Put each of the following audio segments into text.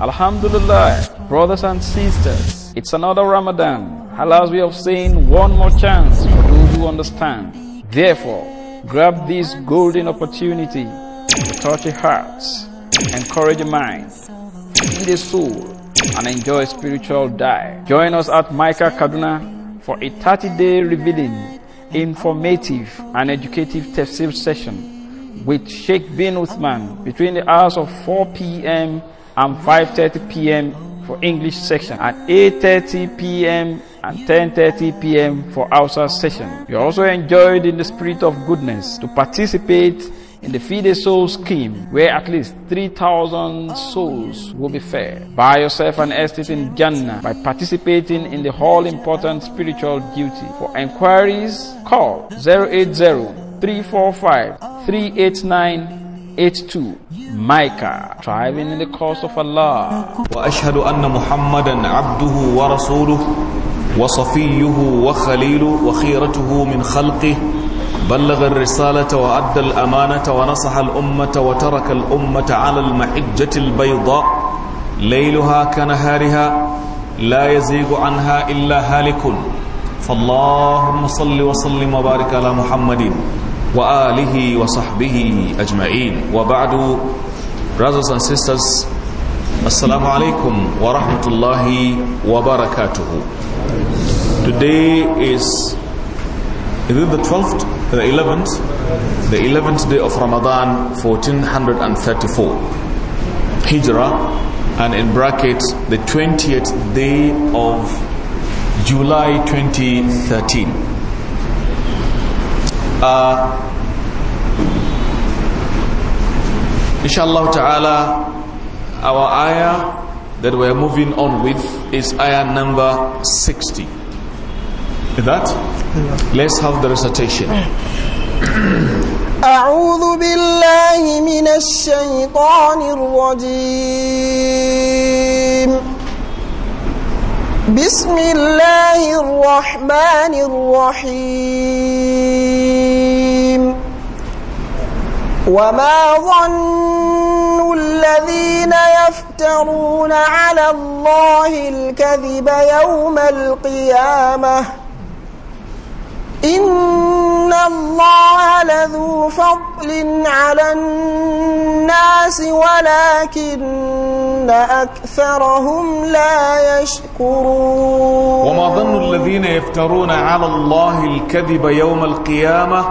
Alhamdulillah, brothers and sisters, it's another Ramadan. Allah's we have seen one more chance for those who understand. Therefore, grab this golden opportunity to touch your hearts, encourage your mind, feed the soul, and enjoy a spiritual diet. Join us at Micah Kaduna for a 30-day revealing, informative, and educative tafsir session with Sheikh bin Uthman between the hours of 4 p.m and 5:30 p.m. for English section, and 8:30 p.m. and 10:30 p.m. for Hausa session. You are also enjoyed in the spirit of goodness to participate in the Feed a Soul scheme, where at least 3,000 souls will be fed. Buy yourself an estate in Jannah by participating in the all important spiritual duty. For inquiries, call 080 345 389 82 Micah driving in the cause of Allah وأشهد أن محمدا عبده ورسوله وصفيه وخليله وخيرته من خلقه بلغ الرسالة وأدى الأمانة ونصح الأمة وترك الأمة على المحجة البيضاء ليلها كنهارها لا يزيغ عنها إلا هالك فاللهم صل وسلم وبارك على محمد وآله وصحبه أجمعين وبعد brothers and sisters Assalamu alaikum wa rahmatullahi wa barakatuhu Today is is it the 12th, the 11th, the 11th day of Ramadan 1434 Hijrah and in brackets the 20th day of July 2013 uh, inshallah ta'ala, our ayah that we're moving on with is ayah number 60. Is that? Let's have the recitation. أعوذ بالله من الشيطان الرجيم بسم الله الرحمن الرحيم وما ظن الذين يفترون على الله الكذب يوم القيامه إن إن الله لذو فضل على الناس ولكن أكثرهم لا يشكرون وما ظن الذين يفترون على الله الكذب يوم القيامة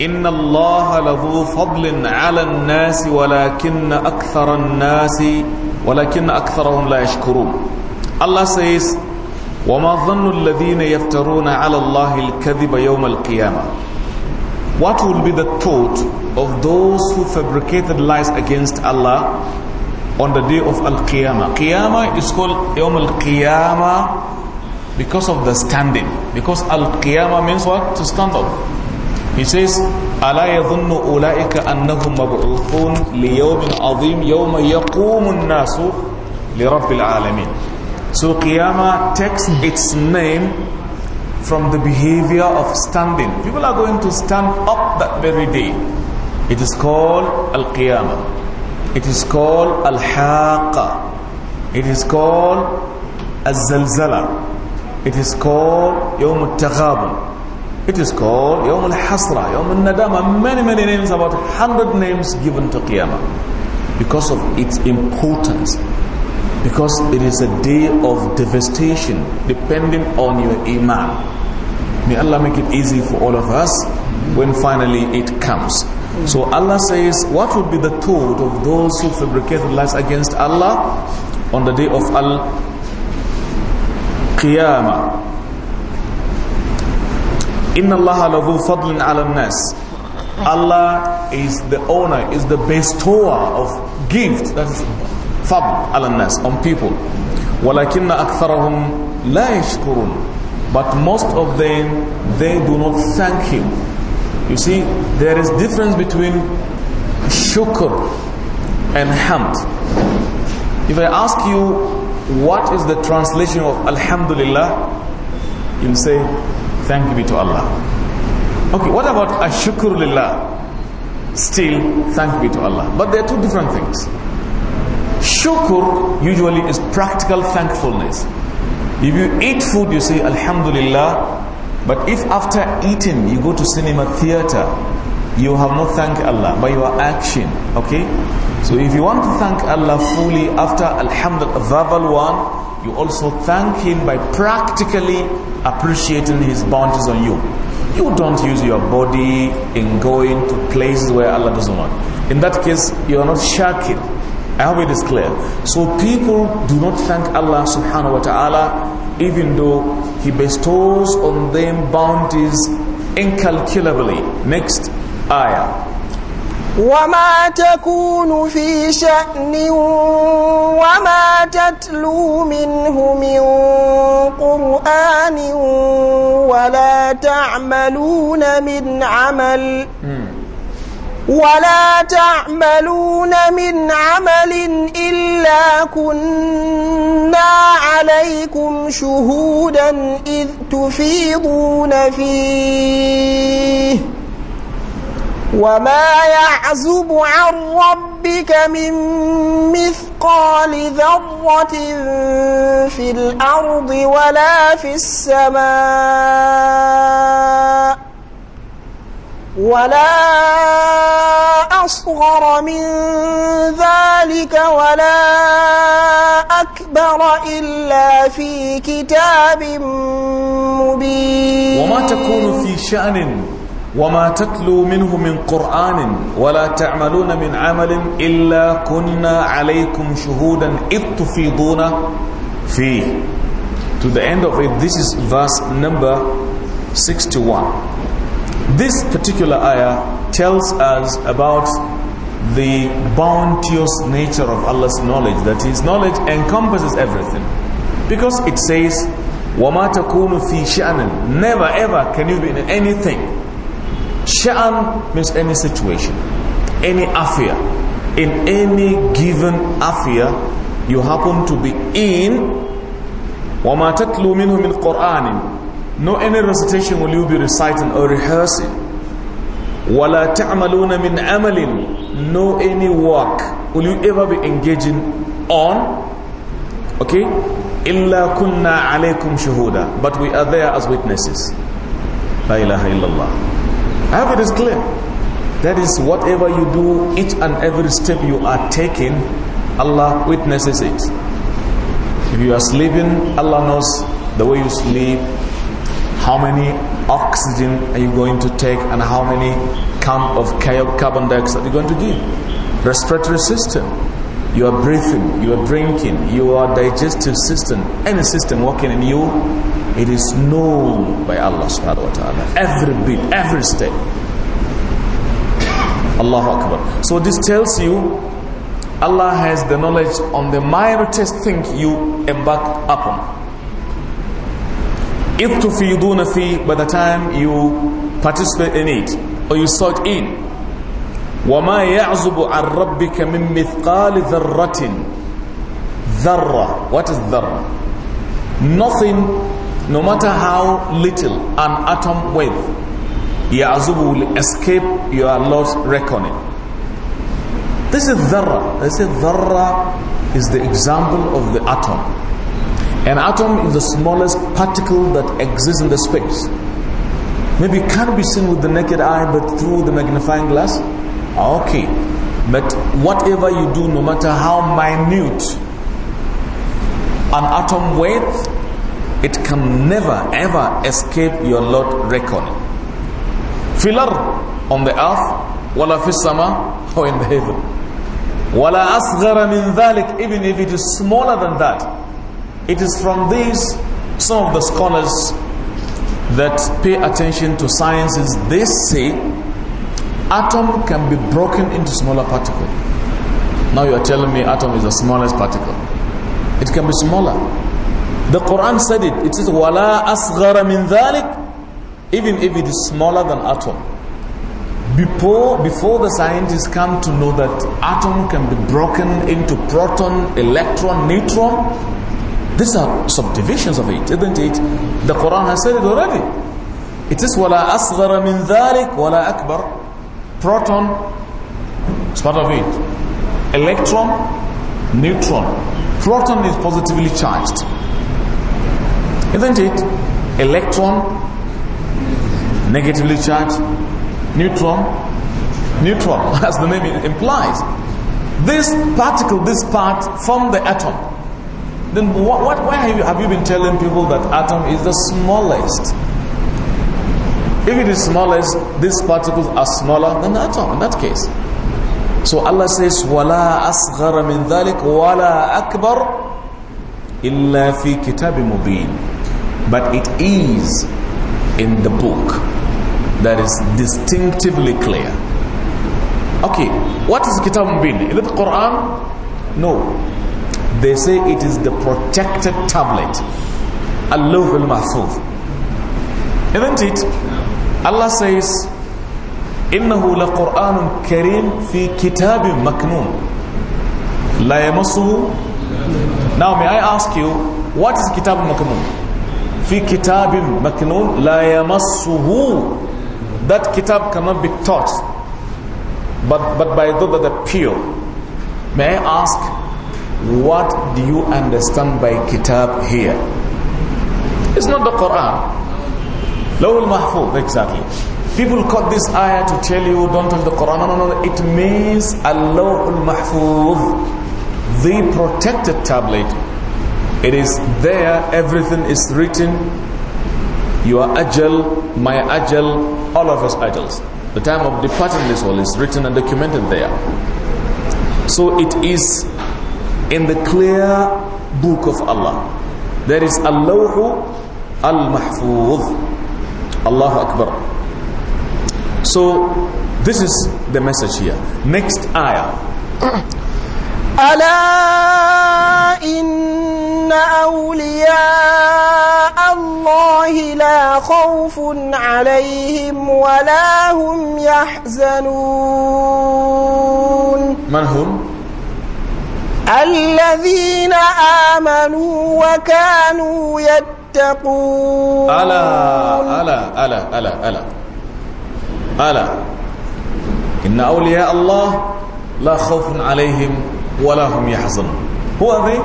إن الله لذو فضل على الناس ولكن أكثر الناس ولكن أكثرهم لا يشكرون الله says وما ظن الذين يفترون على الله الكذب يوم القيامة What will be the thought of those who fabricated lies against Allah on the day of Al-Qiyamah? Qiyamah is called yawm Al-Qiyamah because of the standing. Because Al-Qiyamah means what? To stand up. He says, ألا يظن أولئك أنهم مبعوثون ليوم عظيم يوم يقوم الناس لرب العالمين. So Qiyamah takes its name from the behavior of standing. People are going to stand up that very day. It is called Al-Qiyamah. It is called Al-Haqa. It is called Al-Zalzala. It is called Yawm Al-Taghabun. It is called Yawm Al-Hasra, Yawm Al-Nadama. Many, many names, about 100 names given to Qiyamah because of its importance. Because it is a day of devastation depending on your iman. May Allah make it easy for all of us when finally it comes. So Allah says, what would be the thought of those who fabricate lies against Allah on the day of Al-Qiyamah? Inna Allah lahu fadlin ala nas. Allah is the owner, is the bestower of gift. That's fab al-nas on people walakinna aktharahum la yashkurun but most of them they do not thank him you see there is difference between shukr and hamd if i ask you what is the translation of alhamdulillah you'll say thank you be to allah okay what about ashukrulillah? still thank be to allah but they are two different things Shukr usually is practical thankfulness. If you eat food, you say Alhamdulillah. But if after eating you go to cinema theater, you have not thanked Allah by your action. Okay? So if you want to thank Allah fully after Alhamdulillah, verbal one, you also thank Him by practically appreciating His bounties on you. You don't use your body in going to places where Allah doesn't want. In that case, you are not shakir. I hope it is clear. So people do not thank Allah subhanahu wa ta'ala even though He bestows on them bounties incalculably. Next ayah. وما تكون في شأن وما تتلو منه من قرآن ولا تعملون من عمل hmm. ولا تعملون من عمل إلا كنا عليكم شهودا إذ تفيضون فيه وما يعزب عن ربك من مثقال ذرة في الأرض ولا في السماء ولا أصغر من ذلك ولا أكبر إلا في كتاب مبين وما تكون في شأن وما تتلو منه من قرآن ولا تعملون من عمل إلا كنا عليكم شهودا إذ تفيضون فيه To the end of it, this is verse number 61. This particular ayah tells us about the bounteous nature of Allah's knowledge, that His knowledge encompasses everything. Because it says, وَمَا تَكُونُ فِي شَأْنٍ Never ever can you be in anything. Sha'an means any situation, any affair. In any given affair you happen to be in, وَمَا تَتْلُو مِنْهُ مِنْ قُرْآنٍ no any recitation will you be reciting or rehearsing. وَلَا تَعْمَلُونَ مِنْ أَمَلٍ No any work will you ever be engaging on. Okay? إِلَّا كُنَّا عَلَيْكُمْ شُهُودًا But we are there as witnesses. La ilaha illallah. I have it is clear. That is whatever you do, each and every step you are taking, Allah witnesses it. If you are sleeping, Allah knows the way you sleep, how many oxygen are you going to take and how many count of carbon dioxide are you going to give. Respiratory system, you are breathing, you are drinking, you are digestive system, any system working in you, it is known by Allah subhanahu wa ta'ala. Every bit, every step. Allahu Akbar. So this tells you Allah has the knowledge on the mildest thing you embark upon. اقتفيضون فيه by the time you participate in it or you soak in وما يعزب عن ربك من مثقال ذرة ذرة what is ذرة nothing no matter how little an atom weight يعزب will escape your Lord's reckoning this is ذرة This is ذرة is the example of the atom an atom is the smallest particle that exists in the space. Maybe it can't be seen with the naked eye, but through the magnifying glass. Okay. But whatever you do, no matter how minute an atom weight, it can never ever escape your Lord reckoning. Filar on the earth, wala fi sama, or in the heaven. Wala asghara min dhalik, even if it is smaller than that. It is from these some of the scholars that pay attention to sciences, they say atom can be broken into smaller particles. Now you are telling me atom is the smallest particle. It can be smaller. The Quran said it. It says, وَلَا أَصْغَرَ مِنْ ذَلِكَ Even if it is smaller than atom. Before, before the scientists come to know that atom can be broken into proton, electron, neutron, these are subdivisions of it, isn't it? The Quran has said it already. It is وَلَا أَصْغَرَ مِنْ ذَلِكَ وَلَا أَكْبَرَ Proton is part of it. Electron, neutron. Proton is positively charged. Isn't it? Electron, negatively charged. Neutron, neutron, as the name implies. This particle, this part, form the atom. Then what, what, why have you, have you been telling people that atom is the smallest? If it is smallest, these particles are smaller than the atom in that case. So Allah says, وَلَا أَصْغَرَ مِنْ ذَلِكَ وَلَا أَكْبَرَ إِلَّا فِي كِتَابِ مُبِينٍ But it is in the book that is distinctively clear. Okay, what is Kitab Mubin? Is it Quran? No. They say it is the protected tablet. Allahul Mahfuz. Isn't it? Allah says, إِنَّهُ لَقُرْآنٌ Kareem fi كِتَابٍ maknun la يَمَسُّهُ Now may I ask you, what is kitab maknun? Fi kitabim maknun la yamassuhu. That kitab cannot be touched, but, but by those that are pure. May I ask, what do you understand by kitab here? It's not the Quran. Lawul Mahfuz, exactly. People cut this ayah to tell you, don't tell the Quran. No, no, no. It means Allahul Mahfuz, the protected tablet. It is there, everything is written. You are ajal, my ajal, all of us ajals. The time of departing this world is written and documented there. So it is in the clear book of Allah. There is Allahu Al-Mahfuz. Allahu Akbar. So this is the message here. Next ayah. ألا awliya أولياء الله لا خوف عليهم ولا hum يحزنون Man هم؟ الذين آمنوا وكانوا يتقون ألا ألا ألا ألا ألا ألا إن أولياء الله لا خوف عليهم ولا هم يحزنون هو ذي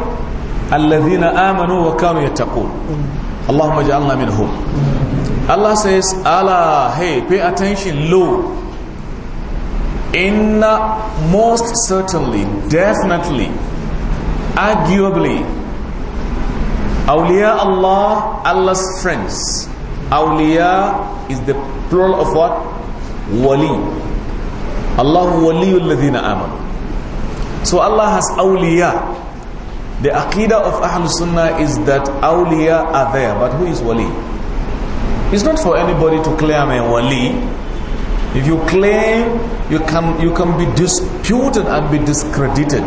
الذين آمنوا وكانوا يتقون اللهم اجعلنا منهم Allah says Allah hey pay attention lo In most certainly, definitely, arguably, Awliya Allah, Allah's friends. Awliya is the plural of what? Wali. Allahu waliyul ladhina amanu. So Allah has awliya. The aqidah of Ahlul Sunnah is that awliya are there, but who is wali? It's not for anybody to claim a wali if you claim, you can, you can be disputed and be discredited.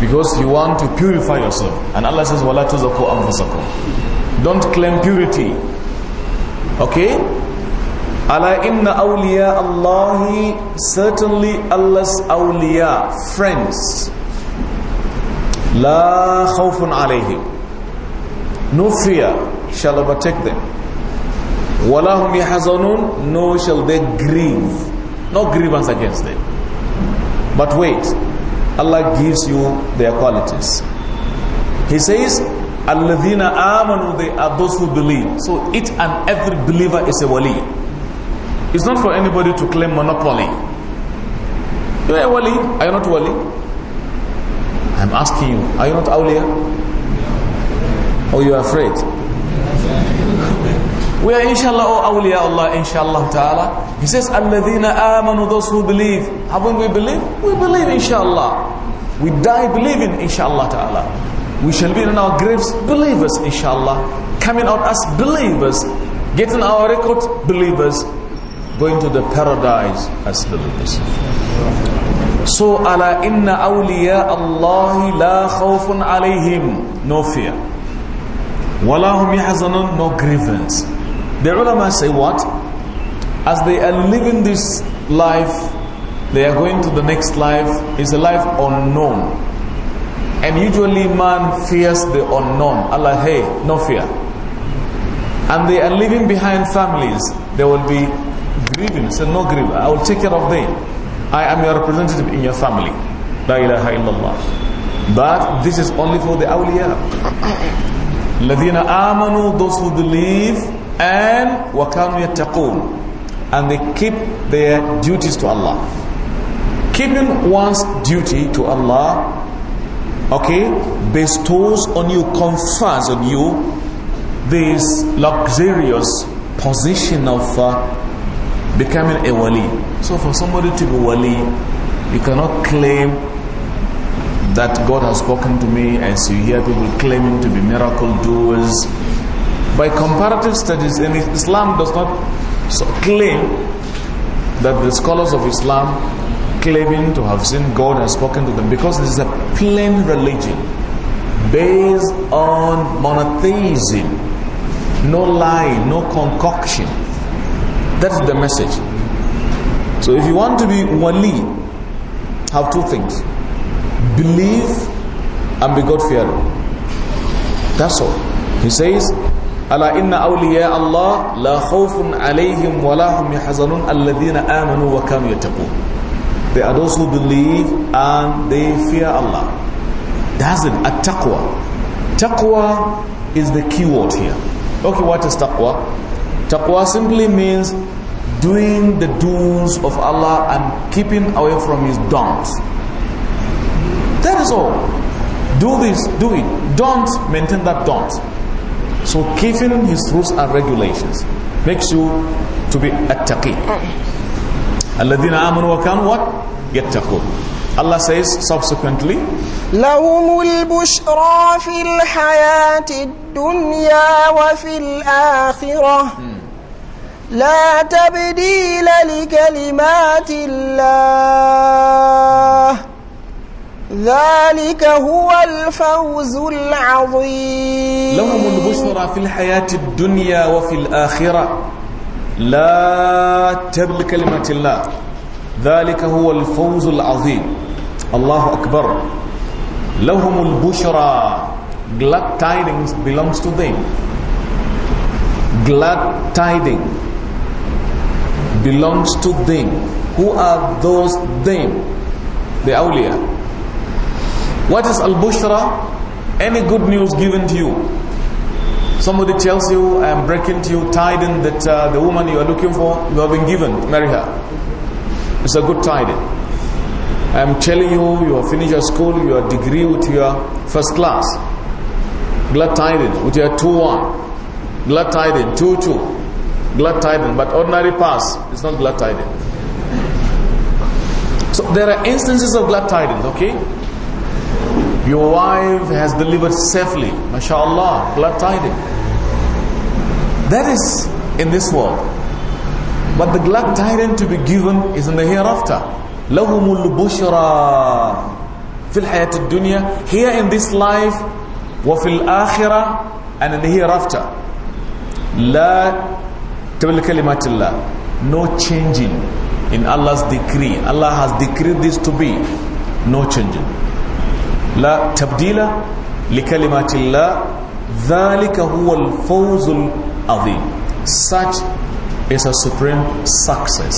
Because you want to purify yourself. And Allah says, وَلَا أَنفُسَكُمْ Don't claim purity. Okay? Allah inna awliya Allahi, certainly Allah's awliya, friends. La khawfun alayhim. No fear shall overtake them. وَلَهُمْ يَحَزَنُونَ No shall they grieve. No grievance against them. But wait, Allah gives you their qualities. He says, الَّذِينَ آمَنُوا They are those who believe. So each and every believer is a wali. It's not for anybody to claim monopoly. You are a wali. Are you not wali? I'm asking you. Are you not awliya? Or you are afraid? We are inshallah all oh awliya Allah inshallah ta'ala. He says, Alladina amanu, those who believe. Haven't we believed? We believe inshallah. We die believing inshallah ta'ala. We shall be in our graves believers inshallah. Coming out as believers. Getting our record believers. Going to the paradise as believers. So, ala inna awliya Allah la khawfun alayhim. No fear. Wala hum yahzanun, no grievance. The ulama say what? As they are living this life, they are going to the next life. It's a life unknown. And usually man fears the unknown. Allah, hey, no fear. And they are leaving behind families. They will be grieving. Say, no grief. I will take care of them. I am your representative in your family. La ilaha illallah. But this is only for the awliya. Ladina amanu, those who believe and وَكَانُوا يَتَّقُونَ and they keep their duties to Allah keeping one's duty to Allah okay bestows on you confers on you this luxurious position of uh, becoming a wali so for somebody to be wali you cannot claim that God has spoken to me as you hear people claiming to be miracle doers by comparative studies, and Islam does not claim that the scholars of Islam claiming to have seen God has spoken to them because this is a plain religion based on monotheism, no lie, no concoction. That's the message. So if you want to be wali, have two things. Believe and be God-fearing. That's all. He says, ألا إن أولياء الله لا خوف عليهم ولا هم يحزنون الذين آمنوا وكانوا يتقون They are those who believe and they fear Allah. That's not at taqwa. Taqwa is the key word here. Okay, what is taqwa? Taqwa simply means doing the do's of Allah and keeping away from His don'ts. That is all. Do this, do it. Don't maintain that don't. So keeping his rules and regulations makes you to be attaqi. Alladina amanu wa kan what? Allah says subsequently, لهم البشرى في الحياة الدنيا وفي الآخرة لا تبديل لكلمات الله ذلك هو الفوز العظيم لهم البشرى في الحياة الدنيا وفي الآخرة لا تبل كلمة الله ذلك هو الفوز العظيم الله أكبر لهم البشرى glad tidings belongs to them glad tidings belongs to them who are those them the awliya What is al-bushra? Any good news given to you. Somebody tells you, I am breaking to you, tidings that uh, the woman you are looking for, you have been given, marry her. It's a good tidings. I am telling you, you have finished your school, your degree with your first class. Glad tidings with your 2-1. Glad tidings, 2-2. Glad tidings, but ordinary pass, it's not glad tidings. So there are instances of glad tidings, okay? Your wife has delivered safely. MashaAllah, glad tidings. That is in this world. But the glad tidings to be given is in the hereafter. لَهُمُ الْبُشْرَى فِي الْحَيَاةِ الدُّنْيَا Here in this life, وَفِي الْآخِرَةِ And in the hereafter. لَا تَبِلْ كَلِمَاتِ اللَّهِ No changing in Allah's decree. Allah has decreed this to be no changing. لا تبديل لكلمات الله ذلك هو الفوز العظيم such is a supreme success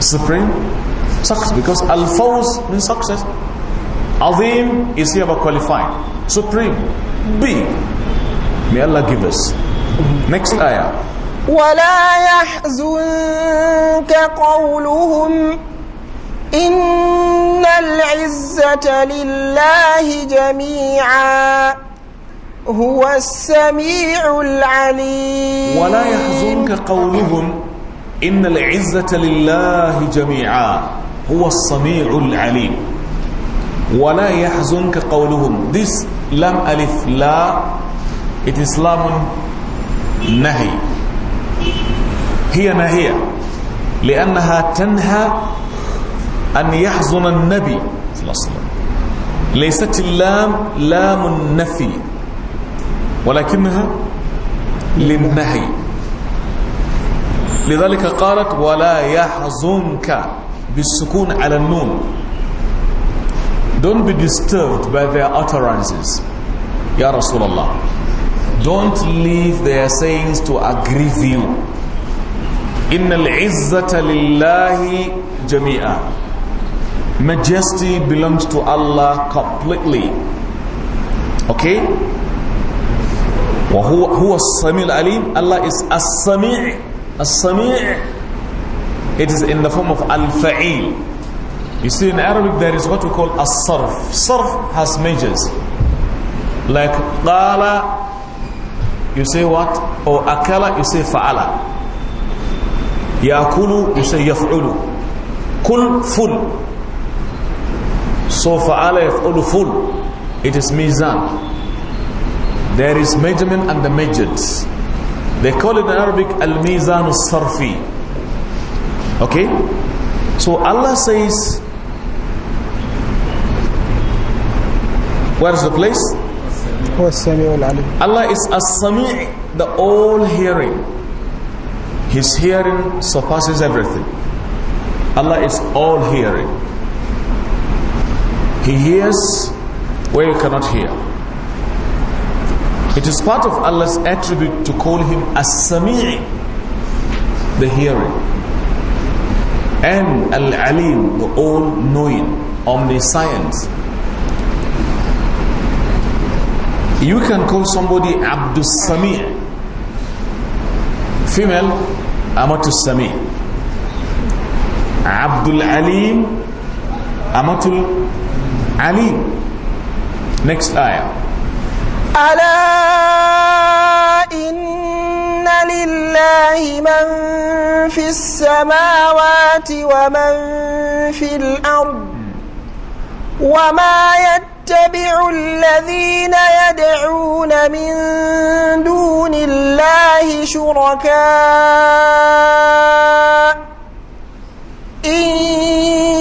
supreme success because al-fawz means success Azim is here but qualified. Supreme. B. May Allah give us. Next ayah. وَلَا يَحْزُنْكَ قَوْلُهُمْ إن العزة لله جميعا هو السميع العليم ولا يحزنك قولهم إن العزة لله جميعا هو السميع العليم ولا يحزنك قولهم this لم ألف لا it is لام نهي هي نهي لأنها تنهى أن يحزن النبي في الأصل ليست اللام لام النفي ولكنها للنهي لذلك قالت ولا يحزنك بالسكون على النون Don't be disturbed by their utterances يا رسول الله Don't leave their sayings to aggrieve you إن العزة لله جميعا majesty belongs to Allah completely. Okay? Who هو السميع العليم Allah is السميع السميع it is in the form of al-fa'il you see in Arabic there is what we call as-sarf sarf has measures like qala you say what or akala you say fa'ala yakulu you say yaf'ulu kul full so for Aleph, Uluful, it is Mizan. There is measurement and the measured. They call it in Arabic Al-Mizan Sarfi. Okay? So Allah says, where is the place? Allah is As-Sami' the all-hearing. His hearing surpasses everything. Allah is all-hearing. He hears where you cannot hear. It is part of Allah's attribute to call him As-Sami' the hearing and Al-Alim the all-knowing omniscience. you can call somebody Abdus Sami' female Amatus Sami' Abdul Alim Amatul عليم Next ayah. آية. ألا إن لله من في السماوات ومن في الأرض وما يتبع الذين يدعون من دون الله شركاء إن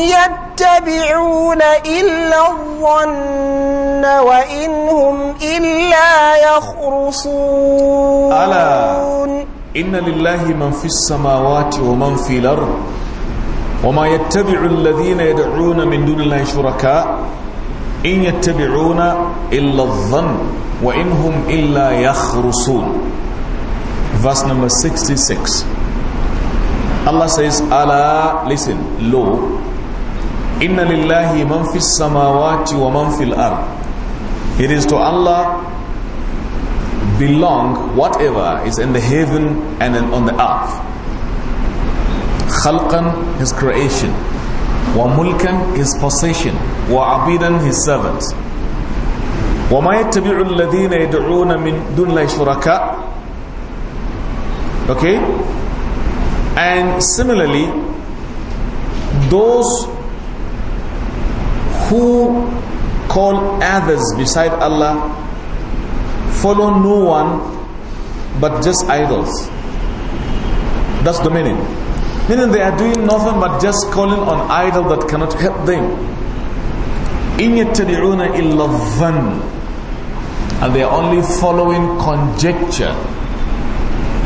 يتبعون إلا الظن وإن هم إلا يخرصون ألا إن لله من في السماوات ومن في الأرض وما يتبع الذين يدعون من دون الله شركاء إن يتبعون إلا الظن وإن هم إلا يخرصون Verse number 66 Allah says, Allah, listen, lo, inna lillahi man fis samawati wa man fil ard. It is to Allah belong whatever is in the heaven and on the earth. Khalqan, his creation. Wa mulkan, his possession. Wa abidan, his servants. وما يتبع الذين يدعون min dun la shuraka. okay and similarly, those who call others beside Allah follow no one but just idols. That's the meaning. Meaning they are doing nothing but just calling on idol that cannot help them. إِن يَتَّبِعُونَ إِلَّا And they are only following conjecture,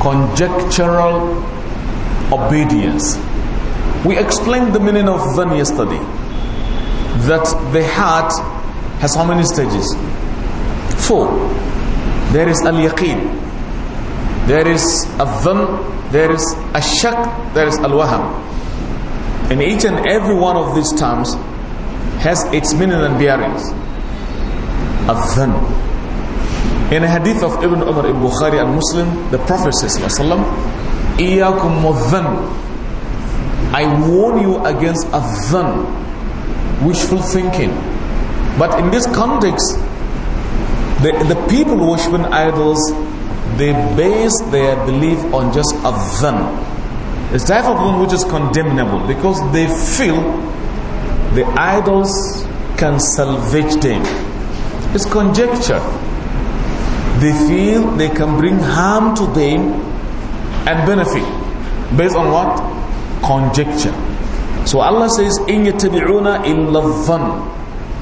conjectural obedience. We explained the meaning of dhan yesterday. That the heart has how many stages? Four. There is al-yaqeen. There is al-dhan. There is al-shak. There is al-waham. And each and every one of these terms has its meaning and bearings. Adhan. In a hadith of Ibn Umar in Bukhari and Muslim, the Prophet sallam, إِيَّاكُمْ وَالظَّنُّ I warn you against a dhan, wishful thinking. But in this context, the, the people worshipping idols, they base their belief on just a dhan. It's type of one which is condemnable because they feel the idols can salvage them. It's conjecture. They feel they can bring harm to them and benefit based on what? Conjecture. So Allah says, إِن illa إِلَّا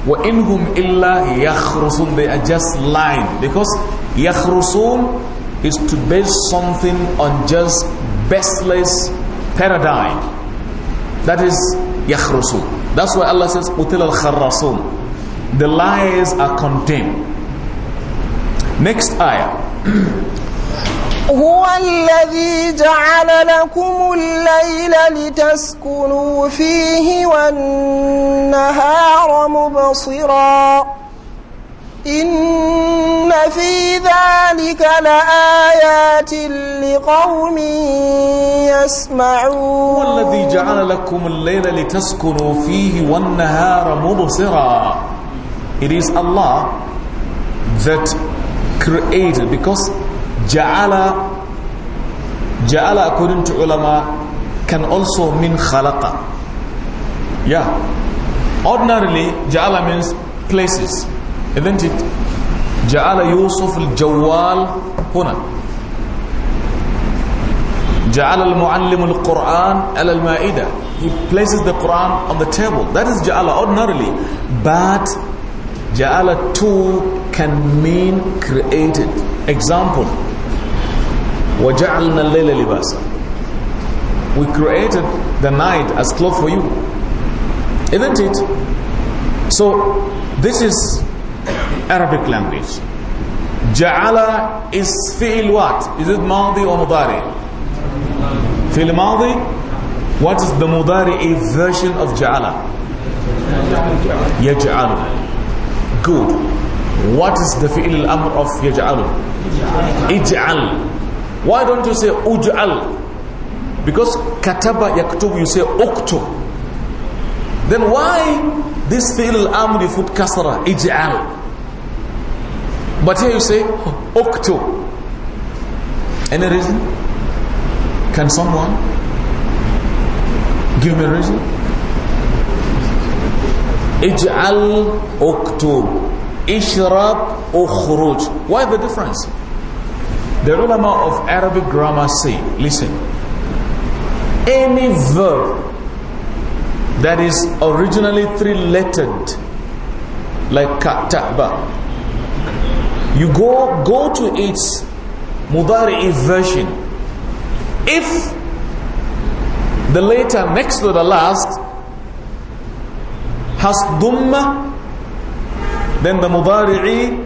wa inhum illa يَخْرُصُونَ They are just lying. Because يَخْرُصُون is to base something on just baseless paradigm. That is يَخْرُصُون. That's why Allah says, al kharrasun." The lies are condemned. Next ayah. هو الذي جعل لكم الليل لتسكنوا فيه والنهار مبصرا إن في ذلك لآيات لقوم يسمعون هو الذي جعل لكم الليل لتسكنوا فيه والنهار مبصرا It is Allah that created because جعل جعل according to ulama can also mean خلق Yeah. Ordinarily, جعل means places. Isn't it? جعل يوسف الجوال هنا جعل المعلم القران على المائده He places the Quran on the table. That is جعل ordinarily. But جعل too can mean created. Example. وَجَعَلْنَا اللَّيْلَ لِبَاسًا We created the night as cloth for you. Isn't it? So, this is Arabic language. جَعَلَ is fi'il what? Is it ماضي or مضاري? Fi'il ماضي? What is the مضاري version of جَعَلَ? يَجْعَلُ Good. What is the fi'il amr of يَجْعَلُ? اجعل why don't you say uj'al? Because kataba yaktub, you say uktub. Then why this fi'l amri foot kasra, ij'al? But here you say uktub. Any reason? Can someone give me a reason? Ij'al uktub. Ishrab ukhruj. Why the difference? The ulama of Arabic grammar say, listen, any verb that is originally three-lettered, like kataba, you go, go to its mudari'i version. If the letter next to the last has duma, then the mudari'i,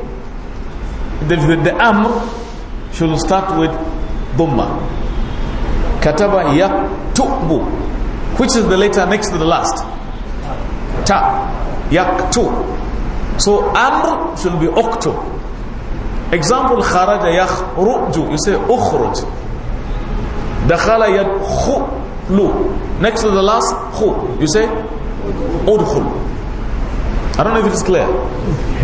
the, the, the amr, should start with Dhamma. Kataba yaktubu, which is the letter next to the last. Ta, yaktu. So amr should be oktu. Example, kharaja yakhruju, you say ukhruj. Dakhala yadkhulu. Next to the last, khu, you say udkhul. I don't know if it is clear.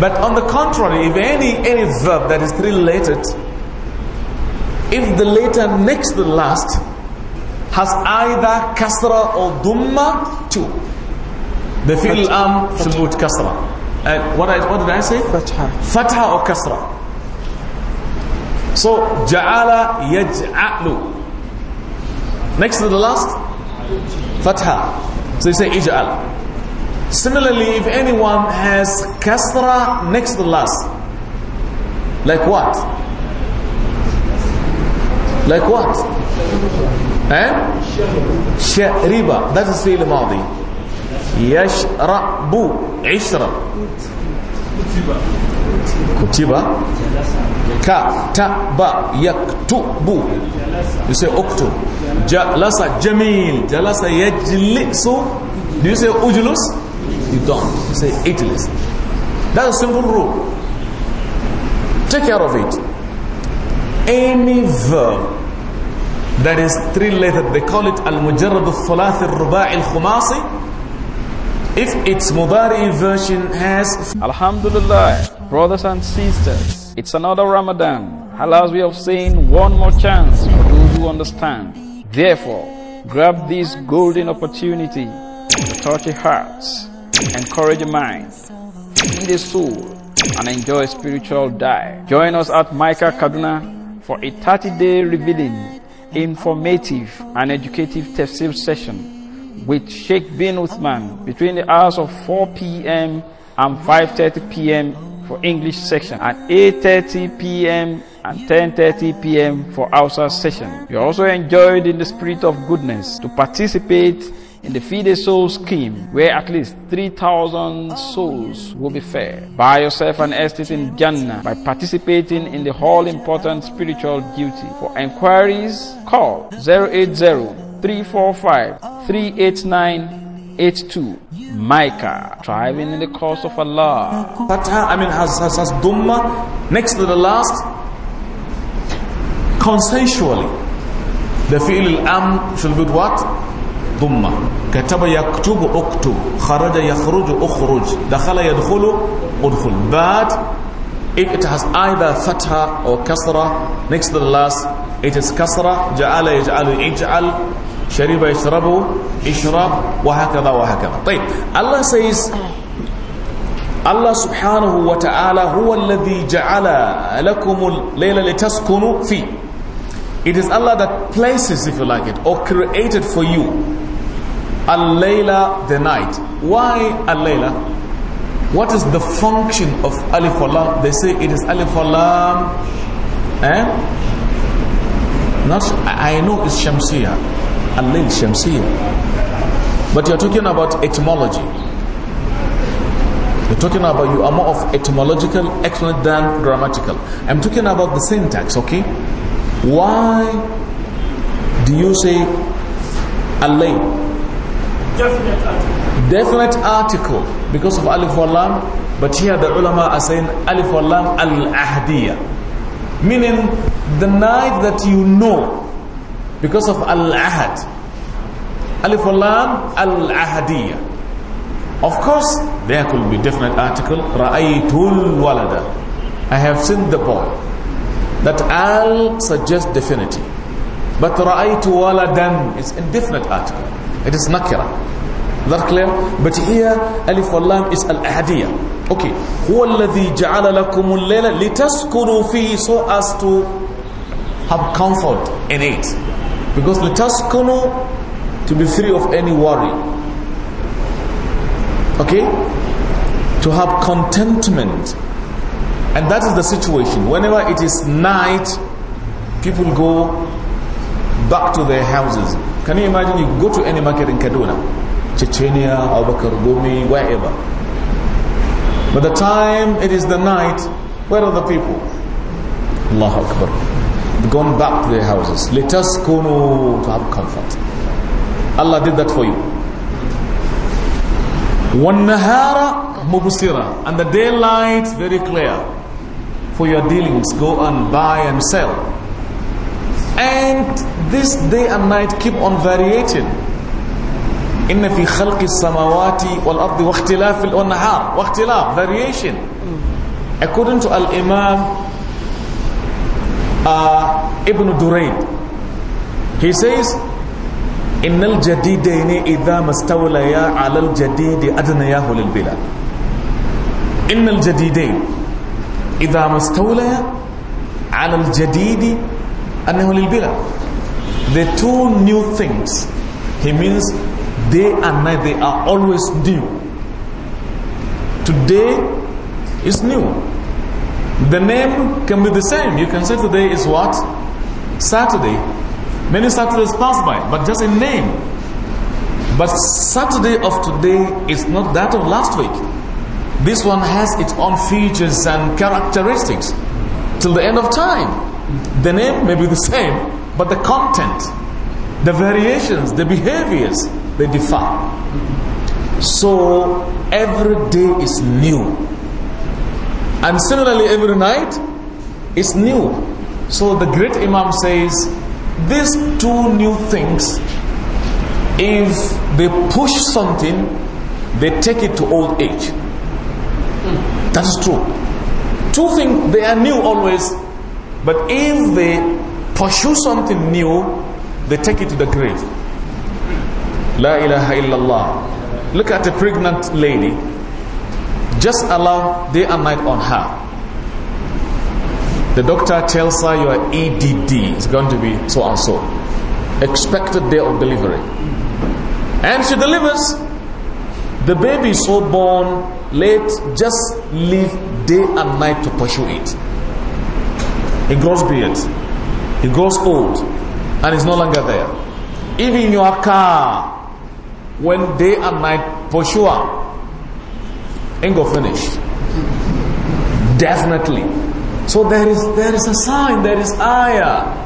But on the contrary, if any any verb that is if the letter next to the last has either kasra or duma too. The fi'l am should go kasra. And uh, what, I, what did I say? Fatha. Fatha or kasra. So, ja'ala yaj'alu. Next to the last, fatha. So you say ij'al. Similarly, if anyone has kasra next to the last, like what? Like what? Eh? Shariba. That is fi'l madi. Yashrabu. Ishra. Kutiba. Kataba. Yaktubu. You say uktub. Jalasa jamil. Jalasa yajlisu. Do you say ujlus? You don't. You say ijlis. That's a simple rule. Take care of it any verb that is three letters. they call it al-mujarrad al-thulath al-ruba'i al-khumasi. If its mudari version has... Alhamdulillah, brothers and sisters, it's another Ramadan. Allah's we have seen one more chance for those who understand. Therefore, grab this golden opportunity to touch your hearts, encourage your mind, feed the soul, and enjoy spiritual diet. Join us at Micah Kaduna for a 30 day revealing, informative, and educative tafsir session with Sheikh bin Uthman between the hours of 4 p.m. and 5.30 p.m. for English section and 8.30 p.m. and 10.30 p.m. for Hausa session. You are also enjoyed in the spirit of goodness to participate in the Feed a Soul scheme, where at least 3,000 souls will be fed. Buy yourself an estate in Jannah by participating in the all important spiritual duty. For inquiries, call 080 345 38982. Micah, thriving in the cause of Allah. Uh, I mean, has, has, has Dummah next to the last? Consensually. The feel al-am should be what? ضم كتب يكتب اكتب خرج يخرج اخرج دخل يدخل ادخل بعد if it has either fatha or kasra next to the last it is kasra جعل يجعل يجعل شرب يشرب اشرب وهكذا وهكذا طيب الله says الله سبحانه وتعالى هو الذي جعل لكم الليل لتسكنوا فيه It is Allah that places, if you like it, or created for you Al-Layla, the night. Why Al-Layla? What is the function of Alif Allah? They say it is Alif Allah. Eh? Not, I know it's Shamsiyah. Al-Layl Shamsiyah. But you're talking about etymology. You're talking about, you are more of etymological excellent than grammatical. I'm talking about the syntax, okay? Why do you say Allah? Definite article. Definite article because of Alif Wallam. But here the ulama are saying Alif Wallam al ahdiya, Meaning the night that you know because of al-ahad. Alif Wallam al ahdiya. Of course, there could be definite article. Ra'aytul walada. I have seen the boy. That al suggests definity. But ra'aytu waladan is indefinite article. It is nakira. That clear? But here, alif wal lam is al-ahadiyya. Okay. Huwa alladhi ja'ala lakum al-layla litaskunu fihi so as to have comfort in it. Because litaskunu to be free of any worry. Okay? To have contentment and that is the situation. Whenever it is night, people go back to their houses. Can you imagine you go to any market in Kaduna, Chechenia, Abakar Gumi, wherever. By the time it is the night, where are the people? Allah Akbar. They've gone back to their houses. Let us go to have comfort. Allah did that for you. One nahara mubusira, And the daylight very clear for your dealings. Go and buy and sell. And this day and night keep on variating. إن في خلق السماوات والأرض واختلاف النهار واختلاف variation according to Al-Imam uh, Ibn Durayd he says إن الجديدين إذا al استوليا على الجديد أدنياه للبلاد إن الجديدين إذا ما استولى على الجديد أنه للبلا the two new things he means day and night they are always new today is new the name can be the same you can say today is what saturday many saturdays pass by but just in name but saturday of today is not that of last week this one has its own features and characteristics till the end of time. The name may be the same, but the content, the variations, the behaviors, they differ. So every day is new. And similarly, every night is new. So the great Imam says, these two new things, if they push something, they take it to old age. That's true. Two things, they are new always. But if they pursue something new, they take it to the grave. La ilaha illallah. Look at a pregnant lady. Just allow day and night on her. The doctor tells her your EDD is going to be so and so. Expected day of delivery. And she delivers. The baby is so born let just live day and night to pursue it. He grows beard, he grows old, and is no longer there. Even your car, when day and night pursue, ain't go finished. Definitely. So there is there is a sign, there is ayah.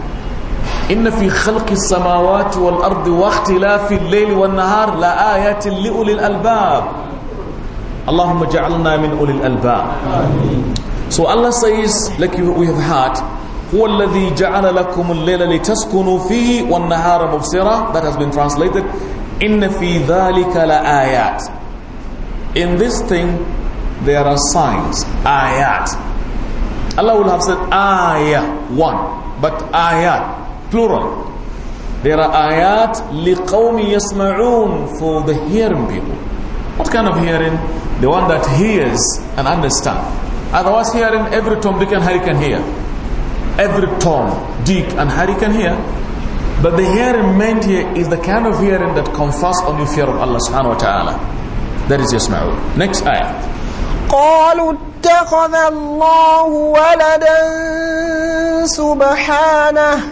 إن في خلق السماوات والأرض واختلاف الليل والنهار لآيات لأولي الألباب Allahumma ja'alna min ulil alba. So Allah says, like we have heard, هو الذي جعل لكم الليل لتسكنوا فيه والنهار مبصرا that has been translated إن في ذلك لآيات in this thing there are signs ayat Allah will have said ayah one but ayat plural there are ayat لقوم يسمعون for the hearing people what kind of hearing the one that hears and understands. Otherwise, hearing every Tom, Dick, and Harry can hear. Every Tom, Dick, and Harry can hear. But the hearing meant here is the kind of hearing that confers on you fear of Allah subhanahu wa ta'ala. That is Yasma'u. Next ayah. قالوا اتخذ الله ولدا سبحانه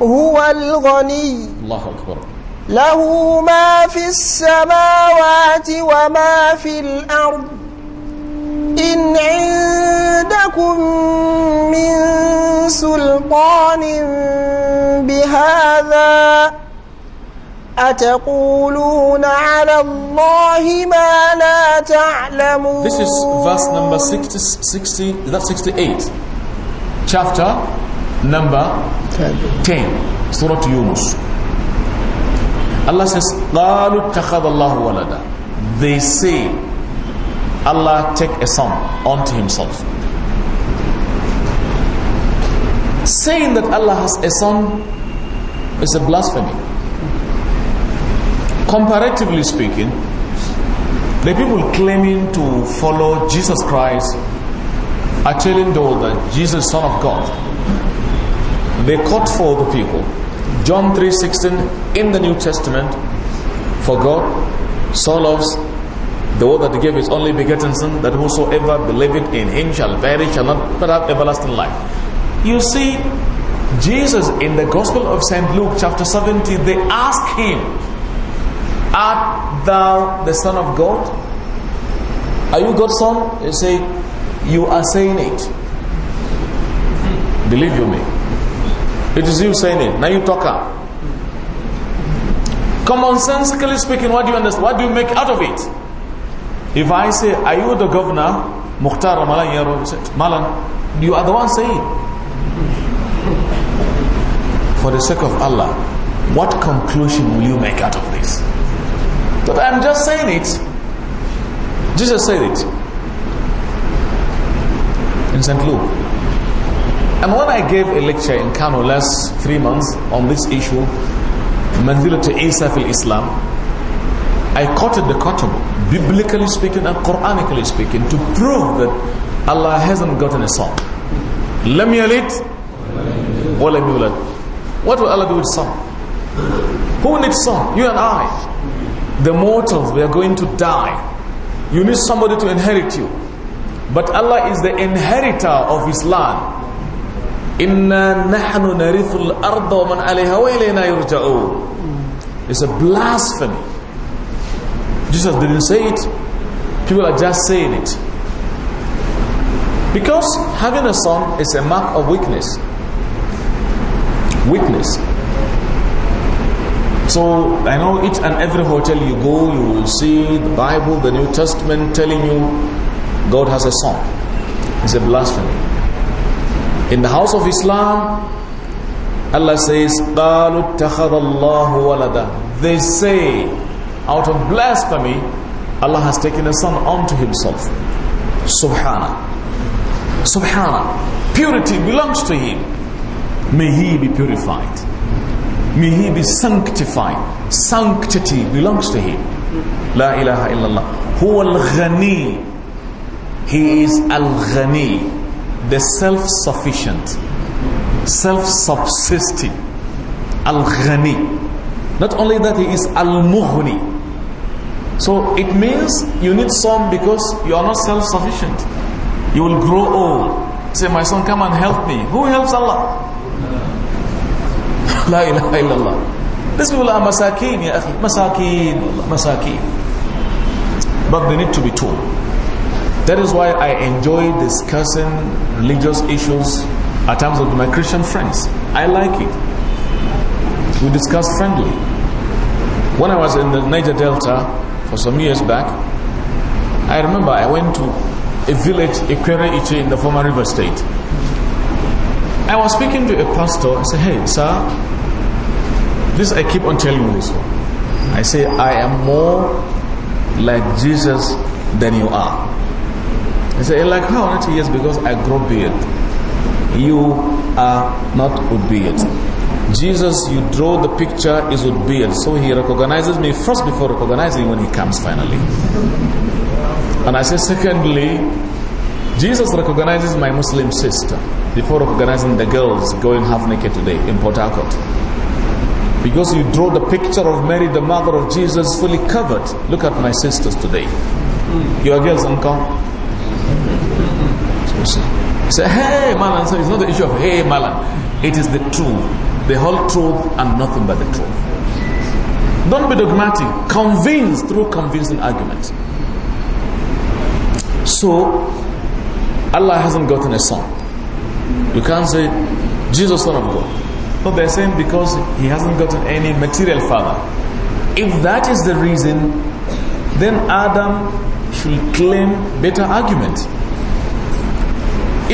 هو الغني له ما في السماوات وما في الأرض إن عندكم من سلطان بهذا أتقولون على الله ما لا تعلمون This is verse number 60, 60 is 68 chapter number 10, 10 Surah Yunus Allah says, They say, Allah take a son unto himself. Saying that Allah has a son is a blasphemy. Comparatively speaking, the people claiming to follow Jesus Christ are telling those that Jesus is son of God. They caught for the people John 3.16 in the New Testament, For God so loves the world that he gave his only begotten son, that whosoever believeth in him shall perish, shall not but have everlasting life. You see, Jesus in the Gospel of St. Luke chapter 70, they ask him, Art thou the son of God? Are you God's son? He said, You are saying it. Believe you me. It is you saying it. Now you talk up. Commonsensically speaking, what do you understand? What do you make out of it? If I say, are you the governor? Mukhtar or Malan Malan, you are the one saying. For the sake of Allah, what conclusion will you make out of this? But I'm just saying it. Jesus said it. In St. Luke. And when I gave a lecture in Kano last three months on this issue, Manzila to Isa Islam, I quoted the quotable, biblically speaking and Quranically speaking, to prove that Allah hasn't gotten a son. Lam yalit wa lam yulad. What will Allah do with son? Who needs son? You and I. The mortals, we are going to die. You need somebody to inherit you. But Allah is the inheritor of His land. It's a blasphemy. Jesus didn't say it. People are just saying it. Because having a son is a mark of weakness. Weakness. So I know each and every hotel you go, you will see the Bible, the New Testament telling you God has a son. It's a blasphemy. In the house of Islam, Allah says, قَالُوا اللَّهُ They say, out of blasphemy, Allah has taken a son unto himself. Subhana. Subhana. Purity belongs to him. May he be purified. May he be sanctified. Sanctity belongs to him. La ilaha illallah. Huwa al-ghani. He is al-ghani the self-sufficient, self-subsisting, al-ghani. Not only that, he is al-mughni. So it means you need some because you are not self-sufficient. You will grow old. Say, my son, come and help me. Who helps Allah? La ilaha illallah. These people are masakeen, ya akhi. Masakeen, masakeen. But they need to be told. That is why I enjoy discussing religious issues at times with my Christian friends. I like it. We discuss friendly. When I was in the Niger Delta for some years back, I remember I went to a village, Ikwere Iche, in the former river state. I was speaking to a pastor. I said, hey, sir, this I keep on telling you this. I say, I am more like Jesus than you are. He said, like how not? Yes, because I grow beard. You are not with beard. Jesus, you draw the picture is with beard. So he recognizes me first before recognizing when he comes finally. And I say, secondly, Jesus recognizes my Muslim sister before recognizing the girls going half naked today in Port Harcourt. Because you draw the picture of Mary, the mother of Jesus, fully covered. Look at my sisters today. Your girls, uncle, person. say, hey, Malan. So it's not the issue of, hey, Malan. It is the truth. The whole truth and nothing but the truth. Don't be dogmatic. Convince through convincing arguments. So, Allah hasn't gotten a son. You can't say, Jesus, son of God. No, they're saying because he hasn't gotten any material father. If that is the reason, then Adam should claim better argument.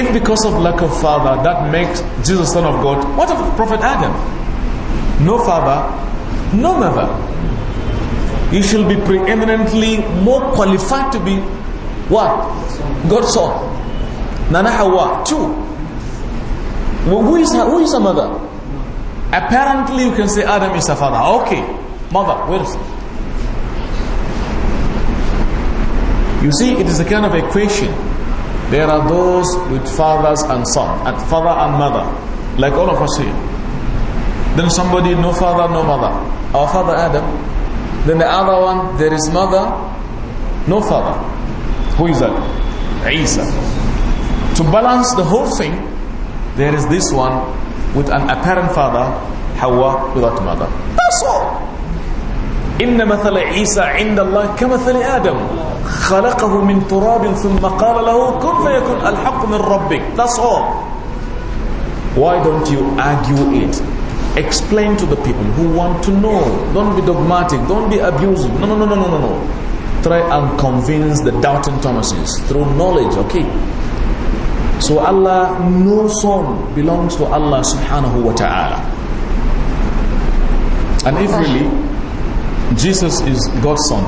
If because of lack of father that makes Jesus son of God, what of Prophet Adam? No father, no mother. You shall be preeminently more qualified to be what? God's son. Nana Hawa, two. Well, who, is her, who is her mother? Apparently you can say Adam is her father. Okay, mother, where is it? You see, it is a kind of equation there are those with fathers and son, and father and mother, like all of us here. Then somebody, no father, no mother. Our father Adam. Then the other one, there is mother, no father. Who is that? Isa. To balance the whole thing, there is this one with an apparent father, Hawa without mother. That's all. إن مثل عيسى عند الله كمثل آدم خلقه من تراب ثم قال له كن فيكون الحق من ربك that's all why don't you argue it explain to the people who want to know don't be dogmatic don't be abusive no no no no no no no try and convince the doubting thomases through knowledge okay so allah no son belongs to allah subhanahu wa ta'ala and if really jesus is god's son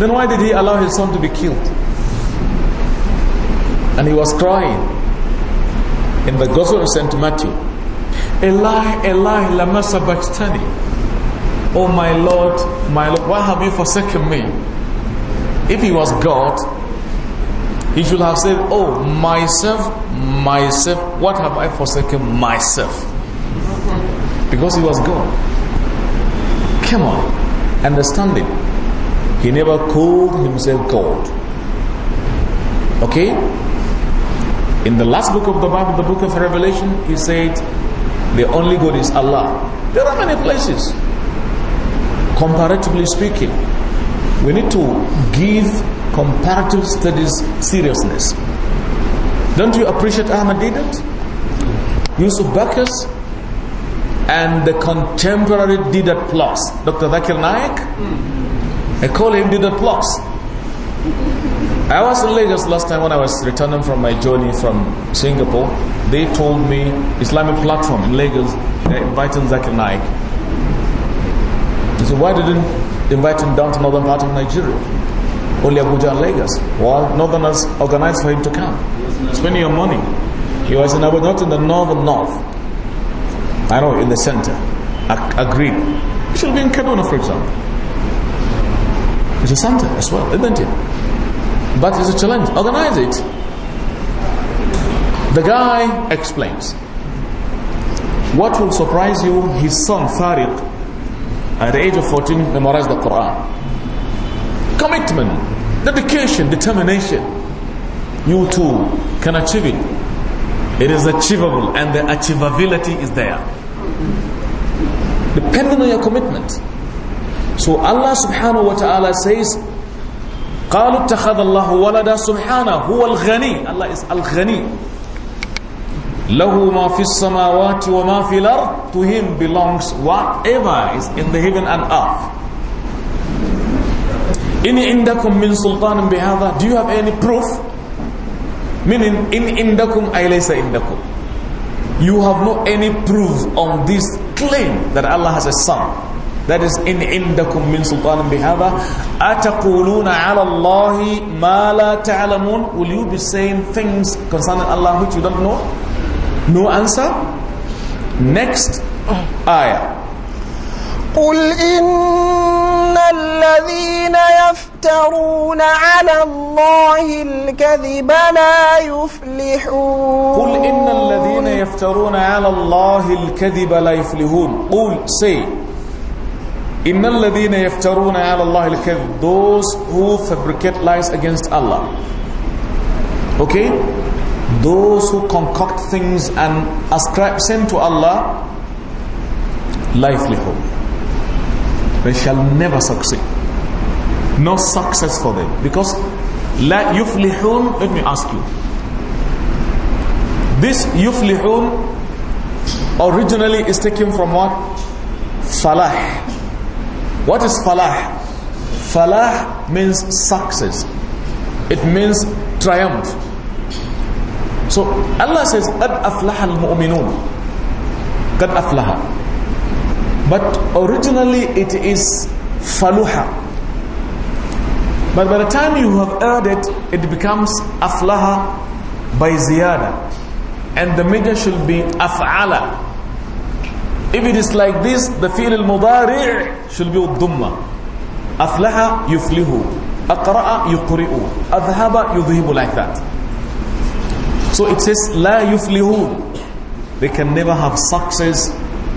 then why did he allow his son to be killed? And he was crying in the Gospel of St. Matthew. "Eli, Eli, lama sabachthani. Oh my Lord, my Lord, why have you forsaken me? If he was God, he should have said, Oh, myself, myself, what have I forsaken myself? Because he was God. Come on, understand it. He never called himself God. Okay? In the last book of the Bible, the book of Revelation, he said, the only God is Allah. There are many places, comparatively speaking. We need to give comparative studies seriousness. Don't you appreciate Ahmad Didat? Yusuf Bakas? And the contemporary Didat plus, Dr. Zakir Naik? I call him the not I was in Lagos last time when I was returning from my journey from Singapore. They told me Islamic platform in Lagos, they invited inviting Zakir Naik. They said, why didn't invite him down to northern part of Nigeria? Only Abuja and Lagos. Well, northerners organized for him to come. Spend your money. He was in Abuja, not in the northern north. I know, in the center. Ag agreed. He should be in Kaduna, for example. It's a center as well, isn't it? But it's a challenge. Organize it. The guy explains. What will surprise you, his son Farid, at the age of 14, memorized the Quran. Commitment, dedication, determination. You too can achieve it. It is achievable and the achievability is there. Depending on your commitment. So Allah subhanahu wa ta'ala says, قَالُوا اتَّخَذَ اللَّهُ وَلَدَا سُبْحَانَهُ هُوَ الْغَنِي Allah is Al-Ghani. له ما في السماوات وما في الأرض To him belongs whatever is in the heaven and earth. إن إِنْدَكُمْ من سلطان بهذا Do you have any proof? Meaning, إن إِنْدَكُمْ أي ليس You have no any proof on this claim that Allah has a son. That is, in indakum min sultan bihada. Ataquluna ala Allahi ma la ta'lamun. Will you be saying things concerning Allah which you don't know? No answer? Next ayah. قل إن الذين يفترون على الله الكذب لا يفلحون قل إن الذين يفترون على الله الكذب لا يفلحون قل say إِنَّ الَّذِينَ يَفْتَرُونَ Those who fabricate lies against Allah. Okay? Those who concoct things and ascribe sin to Allah, livelihood. They shall never succeed. No success for them. Because la yuflihun, let me ask you. This yuflihun originally is taken from what? Falah. What is falah? Falah means success. It means triumph. So Allah says, قَدْ al-mu'minun." Qad أَفْلَحَ But originally it is faluha. But by the time you have heard it it becomes aflaha by ziyada. And the major should be af'ala. If it is like this, the fi'l al-mudari' should be al-dumma. Aflaha yuflihu. Aqra'a yuqri'u. Adhaba yudhibu like that. So it says, La yuflihu. They can never have success,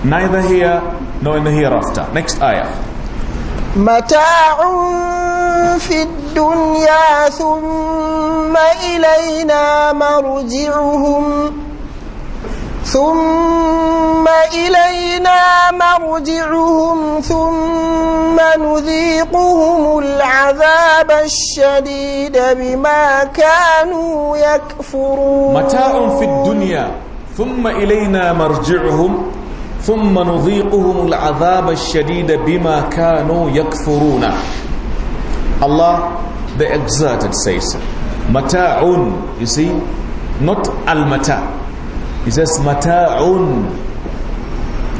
neither here nor in the hereafter. Next ayah. متاع في الدنيا ثم إلينا مرجعهم ثم إلينا مرجعهم ثم نذيقهم العذاب الشديد بما كانوا يكفرون متاع في الدنيا ثم إلينا مرجعهم ثم نذيقهم العذاب الشديد بما كانوا يكفرون Allah the exalted says متاع you see not al-mata He says mata'un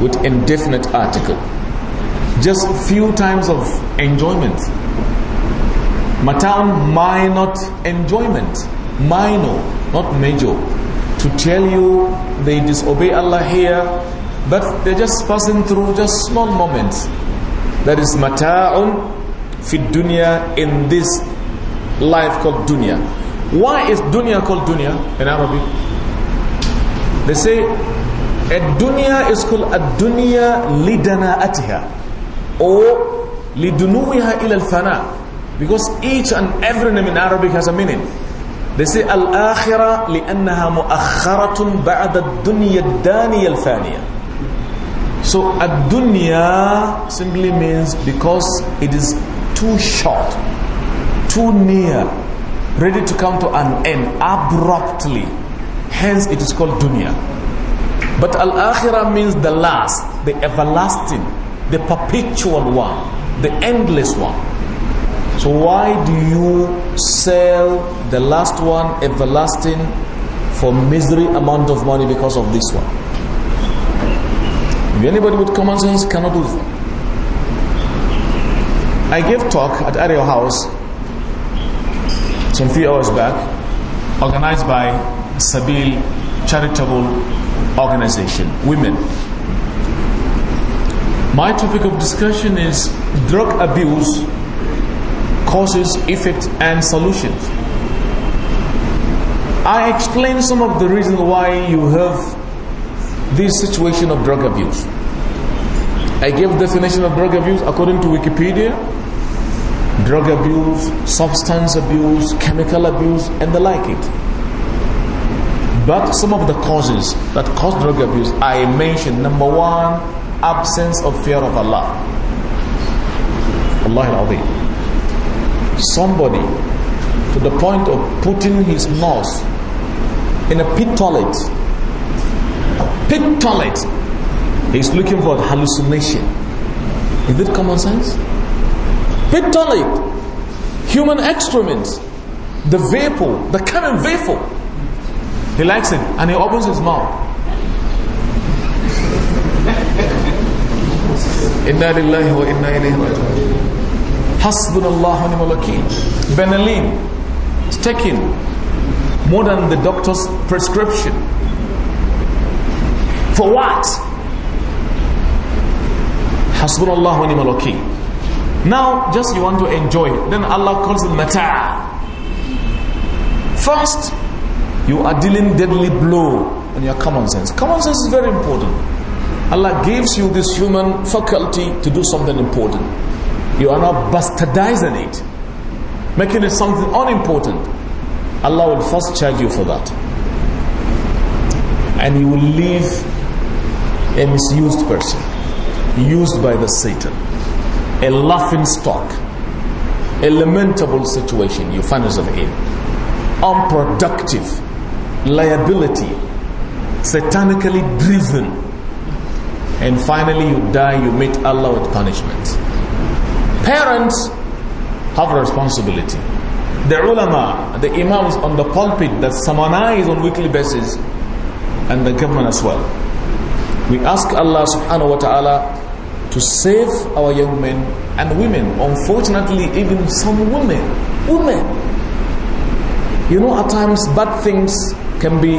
with indefinite article. Just few times of enjoyment. Mata'un minor enjoyment. Minor, not major. To tell you they disobey Allah here, but they're just passing through just small moments. That is mata'un fi dunya in this life called dunya. Why is dunya called dunya in Arabic? They say, Ad-dunya is called Ad-dunya lidana'atiha or lidunuwiha ila al-fana because each and every name in Arabic has a meaning. They say al-akhirah li'annaha mu'akhkharatun ba'da ad-dunya ad-daniya al-faniya. So ad-dunya simply means because it is too short, too near, ready to come to an end abruptly. Hence it is called dunya. But al-akhirah means the last, the everlasting, the perpetual one, the endless one. So why do you sell the last one, everlasting, for misery amount of money because of this one? If anybody with common sense cannot do that. I gave talk at Ariel House some few hours back, organized by Sabil charitable organization, women. My topic of discussion is drug abuse, causes, effects, and solutions. I explain some of the reasons why you have this situation of drug abuse. I give definition of drug abuse according to Wikipedia. Drug abuse, substance abuse, chemical abuse, and the like it. But some of the causes that cause drug abuse, I mentioned number one, absence of fear of Allah. Allah al Somebody to the point of putting his nose in a pit toilet. A pit toilet. He's looking for hallucination. Is it common sense? Pit toilet. Human excrement. The vapor. The common vapor he likes it and he opens his mouth. Inna lillahi wa inna ilayhi raji'un. Hasbunallahu wa ni'mal wakeel. taking more than the doctor's prescription. For what? Hasbunallahu wa ni'mal wakeel. Now, just you want to enjoy it. Then Allah calls it mata. First, you are dealing deadly blow on your common sense. Common sense is very important. Allah gives you this human faculty to do something important. You are not bastardizing it, making it something unimportant. Allah will first charge you for that. And you will leave a misused person, used by the Satan, a laughing stock, a lamentable situation you find yourself in, unproductive liability, satanically driven. And finally you die, you meet Allah with punishment. Parents have a responsibility. The ulama, the imams on the pulpit that sermonize on weekly basis and the government as well. We ask Allah subhanahu wa ta'ala to save our young men and women. Unfortunately, even some women, women. You know, at times bad things can be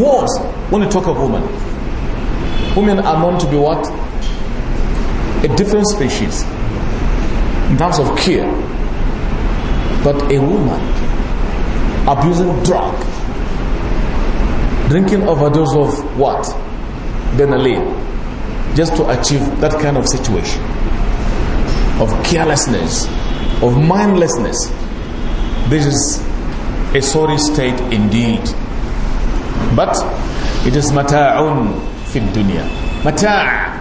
worse when you talk of women. Women are known to be what? A different species in terms of care. But a woman abusing drug, drinking overdose of what? Benaline, just to achieve that kind of situation of carelessness, of mindlessness. This is a sorry state indeed. But it is mata'un fit dunya. Mata'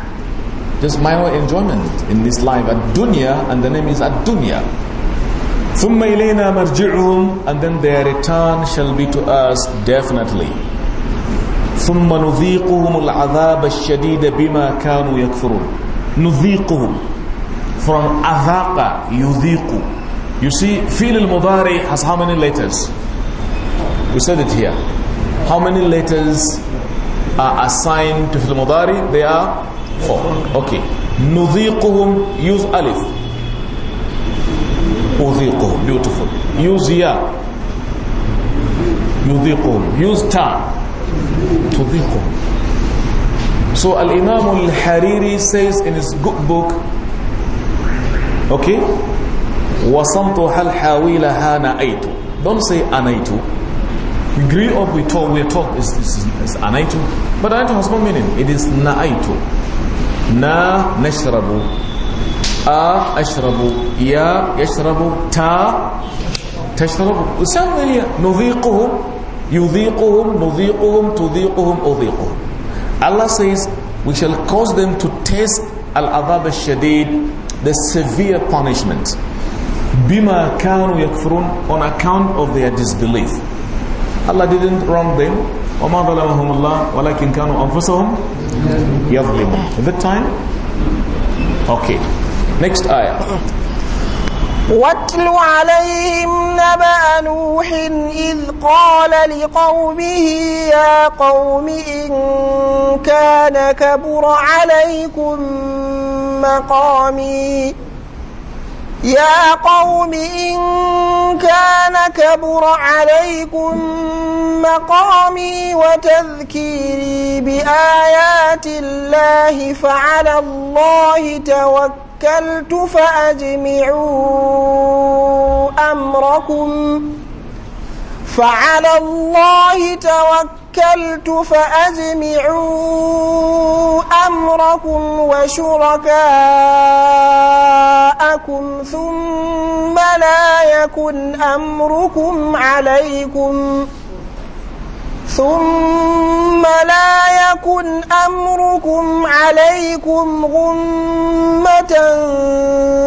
just my own enjoyment in this life at dunya and the name is at dunya. ثُمَّ إِلَيْنَا مَرْجِعُهُمْ And then their return shall be to us definitely. ثُمَّ نُذِيقُهُمُ الْعَذَابَ الشَّدِيدَ بِمَا كَانُوا يَكْفُرُونَ نُذِيقُهُمْ From أَذَاقَ يُذِيقُ You see, fil al-mudari has how many letters? We said it here. How many letters are assigned to fi'l mudari? They are four. Okay. Nudhiquhum, use alif. Udhiquhum, beautiful. Use ya. Nudhiquhum. Use ta. Tudhiquhum. So Al-Imam Al-Hariri says in his good book, okay, وصمتها hana aitu نَأَيْتُ Don't say anaitu. We grew up, with taught, we are taught is, is, is anaitu. But anaitu has no meaning. It is naaitu. Na nashrabu. A ashrabu. Ya yashrabu. Ta tashrabu. Same way here. Nudhiquhum. Yudhiquhum. Nudhiquhum. Tudhiquhum. Udhiquhum. Allah says, we shall cause them to taste al-adhab al-shadid, the severe punishment. Bima kanu yakfurun on account of their disbelief. Allah didn't wrong them وَمَا ظَلَمَهُمُ اللَّهُ وَلَكِنْ كَانُوا أَنفُسَهُم يَظْلِمُونَ Is that time? Okay. Next ayah. واتل عليهم نبأ نوح إذ قال لقومه يا قوم إن كان كبر عليكم مقامي يا قوم إن كان كبر عليكم مقامي وتذكيري بآيات الله فعلى الله توكلت فأجمعوا أمركم فعلى الله توكلت وَتَوَكَّلْتُ فَأَجْمِعُوا أَمْرَكُمْ وَشُرَكَاءَكُمْ ثُمَّ لَا يَكُنْ أَمْرُكُمْ عَلَيْكُمْ ثم لا يكن أمركم عليكم غمة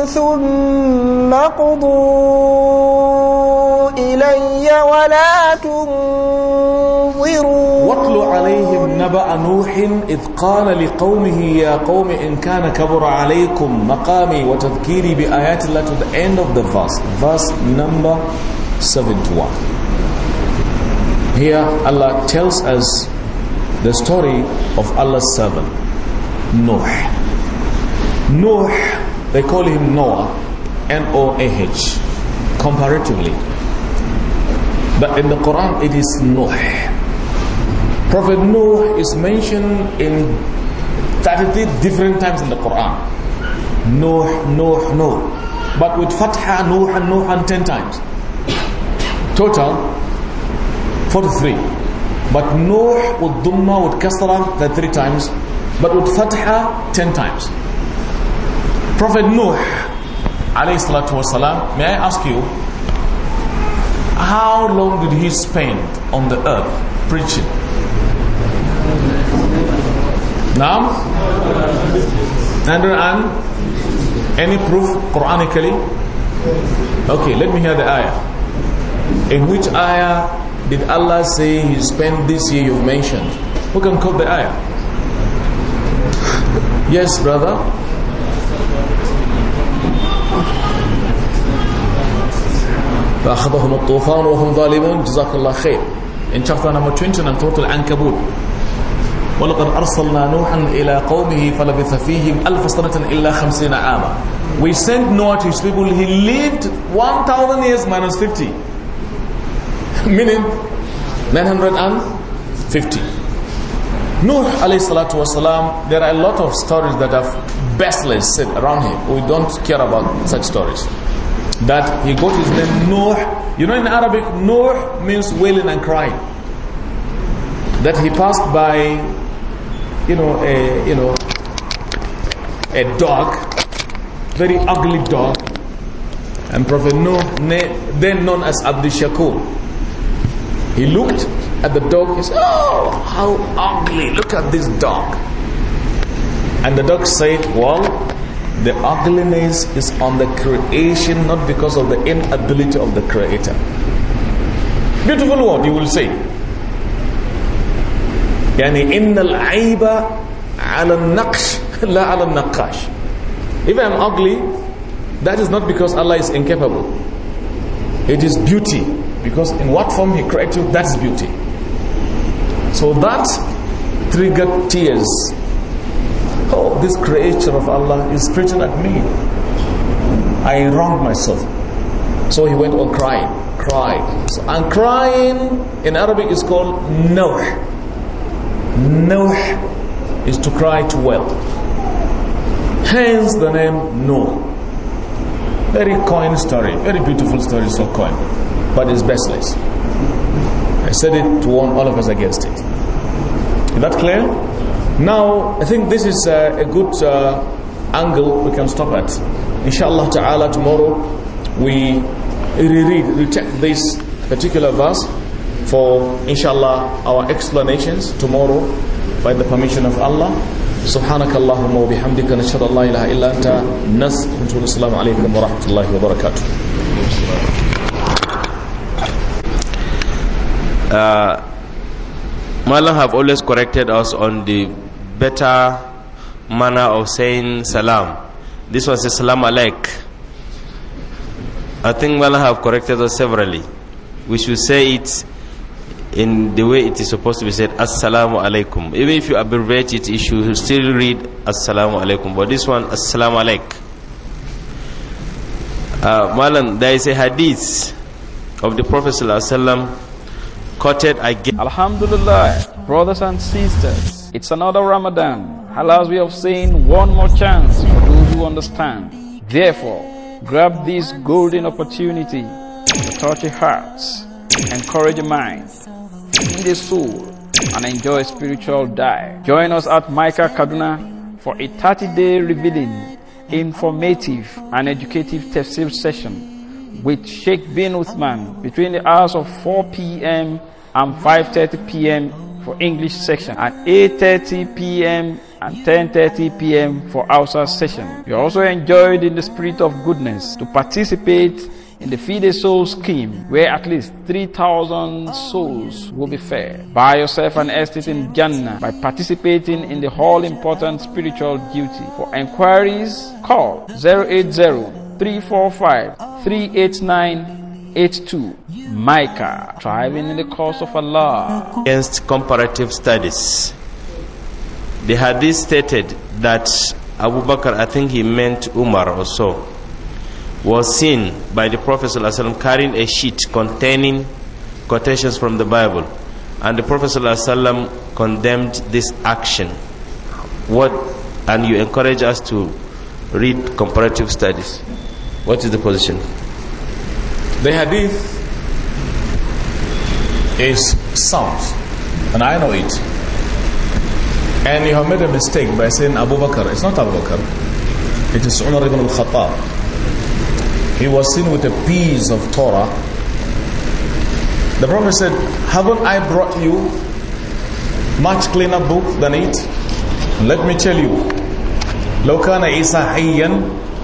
ثم قضوا إلي ولا تنظرون واتل عليهم نبأ نوح إذ قال لقومه يا قوم إن كان كبر عليكم مقامي وتذكيري بآيات الله to the end of the verse verse number 71 here Allah tells us the story of Allah's servant, Noah. Noah, they call him Noah, N-O-A-H, comparatively. But in the Quran, it is Noah. Prophet Noah is mentioned in 33 different times in the Quran. Noah, Noah, Noah. But with Fatha, Noah, Noah, and 10 times. Total, 43. But Nuh with Dhamma with Kasra, that three times. But with Fatha, 10 times. Prophet Nuh, alayhi salatu wasalam, may I ask you, how long did he spend on the earth preaching? Now, under and any proof Quranically? Okay, let me hear the ayah. In which ayah did Allah say you spend this year you've mentioned? Who can quote the ayah? Yes, brother? فأخذهم الطوفان وهم ظالمون جزاك الله خير in chapter number 20 and total Ankabut ولقد أرسلنا نوحا إلى قومه فلبث فيهم ألف سنة إلا خمسين عاما We sent Noah to his people, he lived 1,000 years minus 50. Meaning 950. Nuh alayhi salatu wasalam, there are a lot of stories that have baseless said around him. We don't care about such stories. That he got his name Nuh. You know in Arabic, Nuh means wailing and crying. That he passed by, you know, a, you know, a dog, very ugly dog, and Prophet Nuh, then known as Abdul Shakur he looked at the dog. He said, oh, how ugly. Look at this dog. And the dog said, well, the ugliness is on the creation, not because of the inability of the creator. Beautiful word, you will say. يعني إن العيب على النقش لا على النقاش. If I'm ugly, that is not because Allah is incapable. It is beauty because in what form he created that's beauty. So that triggered tears. Oh, this creature of Allah is preaching at me. I wronged myself. So he went on crying, crying. So, and crying in Arabic is called nawh. Nawh is to cry to well. Hence the name Noah. Very coin story, very beautiful story, so coin but it's baseless. I said it to warn all of us against it. Is that clear? Now, I think this is uh, a good uh, angle we can stop at. Inshallah ta'ala, tomorrow we reread, recheck this particular verse for inshallah our explanations tomorrow by the permission of Allah. سبحانك اللهم وبحمدك نشهد الله إله إلا أنت نستغفرك ونتوب عليكم ورحمة الله وبركاته Uh, Malam have always corrected us on the better manner of saying salam. This one a salam alaik. I think Malam have corrected us severally. We should say it in the way it is supposed to be said, assalamu alaikum. Even if you abbreviate it, you should still read assalamu alaikum. But this one, assalamu alaik. Uh, Malam, there is a hadith of the Prophet sallallahu alaihi wasallam Alhamdulillah, brothers and sisters, it's another Ramadan. Allah's way of saying one more chance for those who understand. Therefore, grab this golden opportunity to touch your hearts, encourage your mind, feed your soul, and enjoy a spiritual dive. Join us at Micah Kaduna for a 30-day revealing, informative, and educative tafsir session with Sheikh bin Uthman between the hours of 4 p.m. and 5.30 p.m. for English section and 8.30 p.m. and 10.30 p.m. for Hausa session. You are also enjoyed in the spirit of goodness to participate in the Feed a Soul scheme, where at least 3,000 souls will be fed. Buy yourself an estate in Jannah by participating in the all important spiritual duty. For inquiries, call 080 345 389 82. Micah, striving in the cause of Allah. Against comparative studies. The hadith stated that Abu Bakr, I think he meant Umar or so, was seen by the Prophet ﷺ carrying a sheet containing quotations from the Bible. And the Prophet ﷺ condemned this action. What and you encourage us to read comparative studies. What is the position? The hadith is sound, and I know it. And you have made a mistake by saying Abu Bakr. It's not Abu Bakr. It is Umar ibn al-Khattab. He was seen with a piece of Torah. The Prophet said, haven't I brought you much cleaner book than it? Let me tell you. لو كان عيسى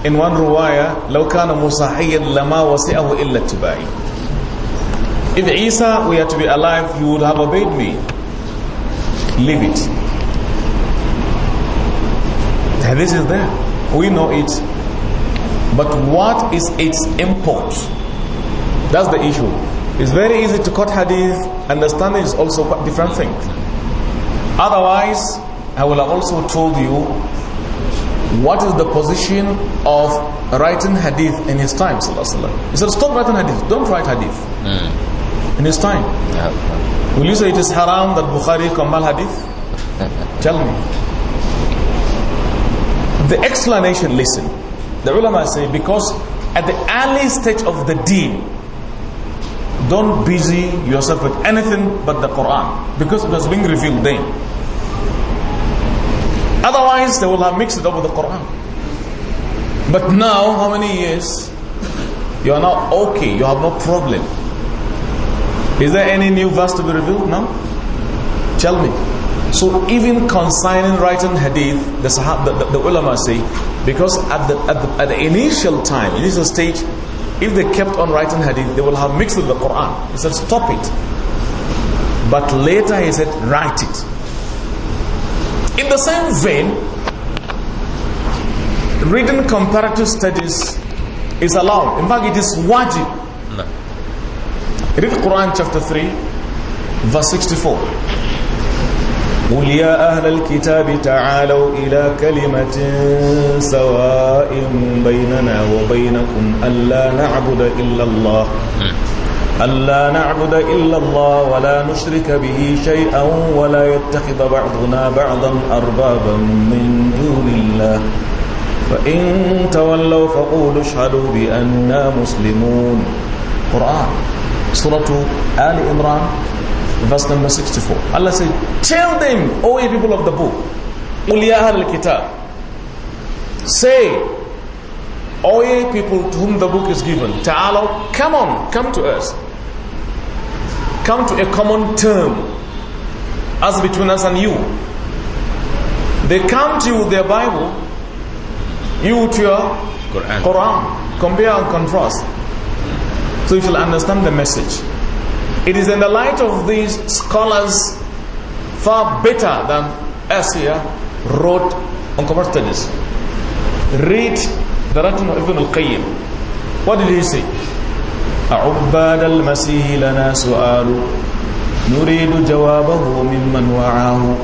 in one ruwaya لو كان مساحيا لما وسعه إلا اتباعي if Isa were to be alive he would have obeyed me leave it and this is there we know it but what is its import that's the issue it's very easy to cut hadith understanding is also quite different thing otherwise I will have also told you what is the position of writing hadith in his time he said stop writing hadith don't write hadith mm. in his time yeah. will you say it is haram that Bukhari compiled hadith tell me the explanation listen the ulama say because at the early stage of the deen don't busy yourself with anything but the Quran because it was being revealed then Otherwise, they will have mixed it up with the Quran. But now, how many years? You are now okay. You have no problem. Is there any new verse to be revealed now? Tell me. So even consigning writing hadith, the, sahab, the, the, the, ulama say, because at the, at the, at the initial time, initial stage, if they kept on writing hadith, they will have mixed with the Quran. He said, stop it. But later he said, write it. In the same vein, reading comparative studies is allowed. In fact, it is wajib. No. Read Quran chapter 3, verse 64. قل يا أهل الكتاب تعالوا إلى كلمة سواء بيننا وبينكم ألا نعبد إلا الله ألا نعبد إلا الله ولا نشرك به شيئا ولا يتخذ بعضنا بعضا أربابا من دون الله فإن تولوا فقولوا اشهدوا بأننا مسلمون Quran Surah آل Imran verse number 64 Allah said tell them O ye people of the book يا al-Kitab say O ye people to whom the book is given Ta'ala come on come to us come to a common term as between us and you. They come to you with their Bible, you to your Quran. Quran. Compare and contrast. So you shall understand the message. It is in the light of these scholars far better than us here wrote on Quranic studies. Read the writing of Ibn al-Qayyim. What did he say? عباد المسيح لنا سؤال نريد جوابه ممن وعاه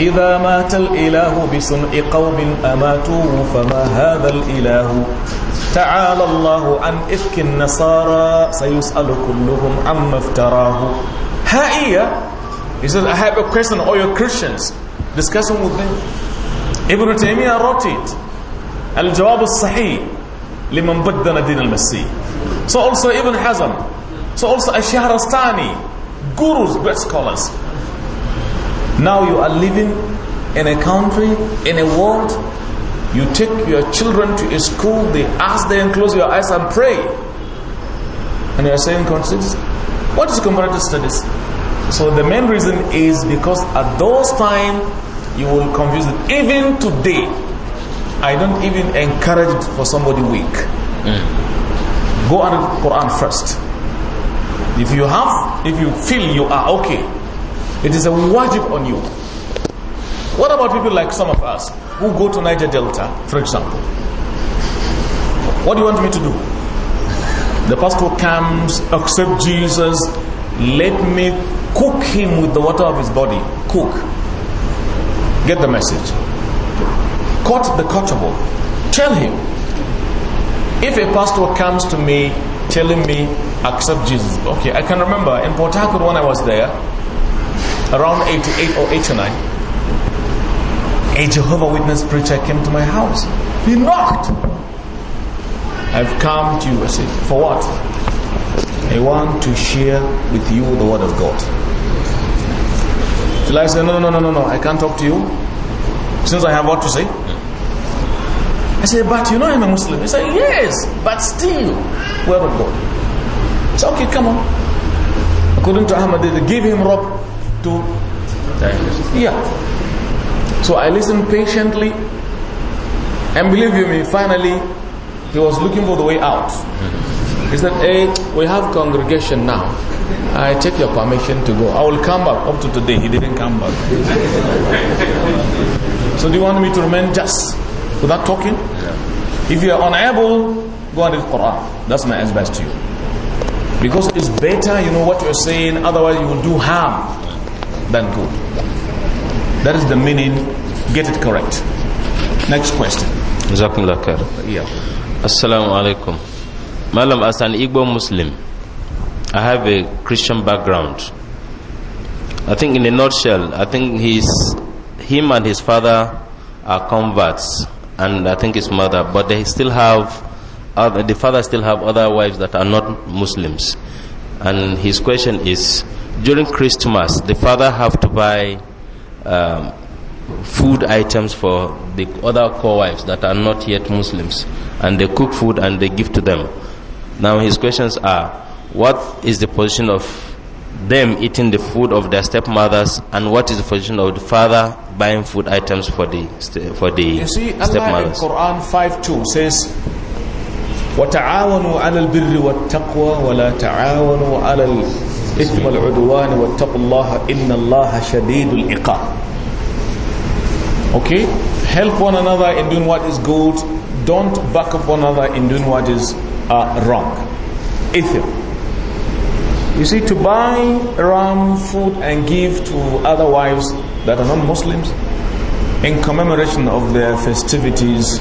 إذا مات الإله بصنع قوم أماتوه فما هذا الإله تعالى الله عن إفك النصارى سيسأل كلهم عما افتراه ها إيا He says, I have a question, all your Christians. Discuss them with them. Ibn Taymiyyah wrote it. Al-Jawab al-Sahih liman baddana din al-Masih. So also Ibn Hazm. So also a shahrastani Gurus, great scholars. Now you are living in a country, in a world. You take your children to a school. They ask them, close your eyes and pray. And you are saying, what is comparative studies? So the main reason is because at those times you will confuse it. Even today, I don't even encourage it for somebody weak. Mm. Go and Quran first. If you have, if you feel you are okay, it is a wajib on you. What about people like some of us who go to Niger Delta, for example? What do you want me to do? The pastor comes, accept Jesus, let me cook him with the water of his body. Cook. Get the message. Cut the cuttable. Tell him if a pastor comes to me telling me, accept Jesus. Okay, I can remember in Port Harcourt when I was there, around 88 or 89, a Jehovah Witness preacher came to my house. He knocked. I've come to you. I said, for what? I want to share with you the word of God. Eli said, no, no, no, no, no, I can't talk to you since I have what to say. I said, but you know I'm a Muslim. He said, yes, but still, word of God. said, okay, come on. According to Ahmad, they gave him rope to... Yeah. So I listened patiently. And believe you me, finally, he was looking for the way out. Mm-hmm. He said, hey, we have congregation now. I take your permission to go. I will come back. Up to today, he didn't come back. so do you want me to remain just? Without talking? Yeah. If you are unable, go and read Quran. That's my advice to you. Because it's better you know what you're saying, otherwise you will do harm than good. That is the meaning. Get it correct. Next question. Assalamu alaikum. Malam, as an Igbo Muslim, I have a Christian background. I think in a nutshell, I think his, him and his father are converts and I think his mother, but they still have, other, the father still have other wives that are not Muslims. And his question is, during Christmas, the father have to buy um, food items for the other co-wives that are not yet Muslims, and they cook food and they give to them. Now his questions are, what is the position of them eating the food of their stepmothers and what is the position of the father buying food items for the for the you see, stepmothers Allah in Quran 5:2 says وتعاونوا على البر والتقوى ولا تعاونوا على الإثم والعدوان واتقوا الله إن الله شديد العقاب okay help one another in doing what is good don't back up one another in doing what is uh, wrong Ethiopia you see, to buy ram food and give to other wives that are not muslims in commemoration of their festivities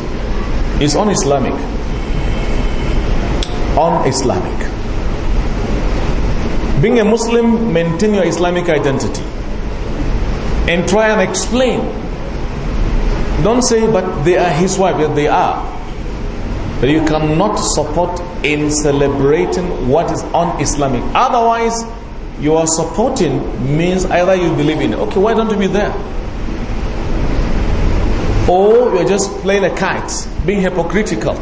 is un-Islamic. Un-Islamic. Being a Muslim, maintain your Islamic identity and try and explain. Don't say, but they are his wife. Yes, they are. But you cannot support in celebrating what is un-Islamic. Otherwise, you are supporting means either you believe in, it. okay, why don't you be there? Or you're just playing a kite, being hypocritical.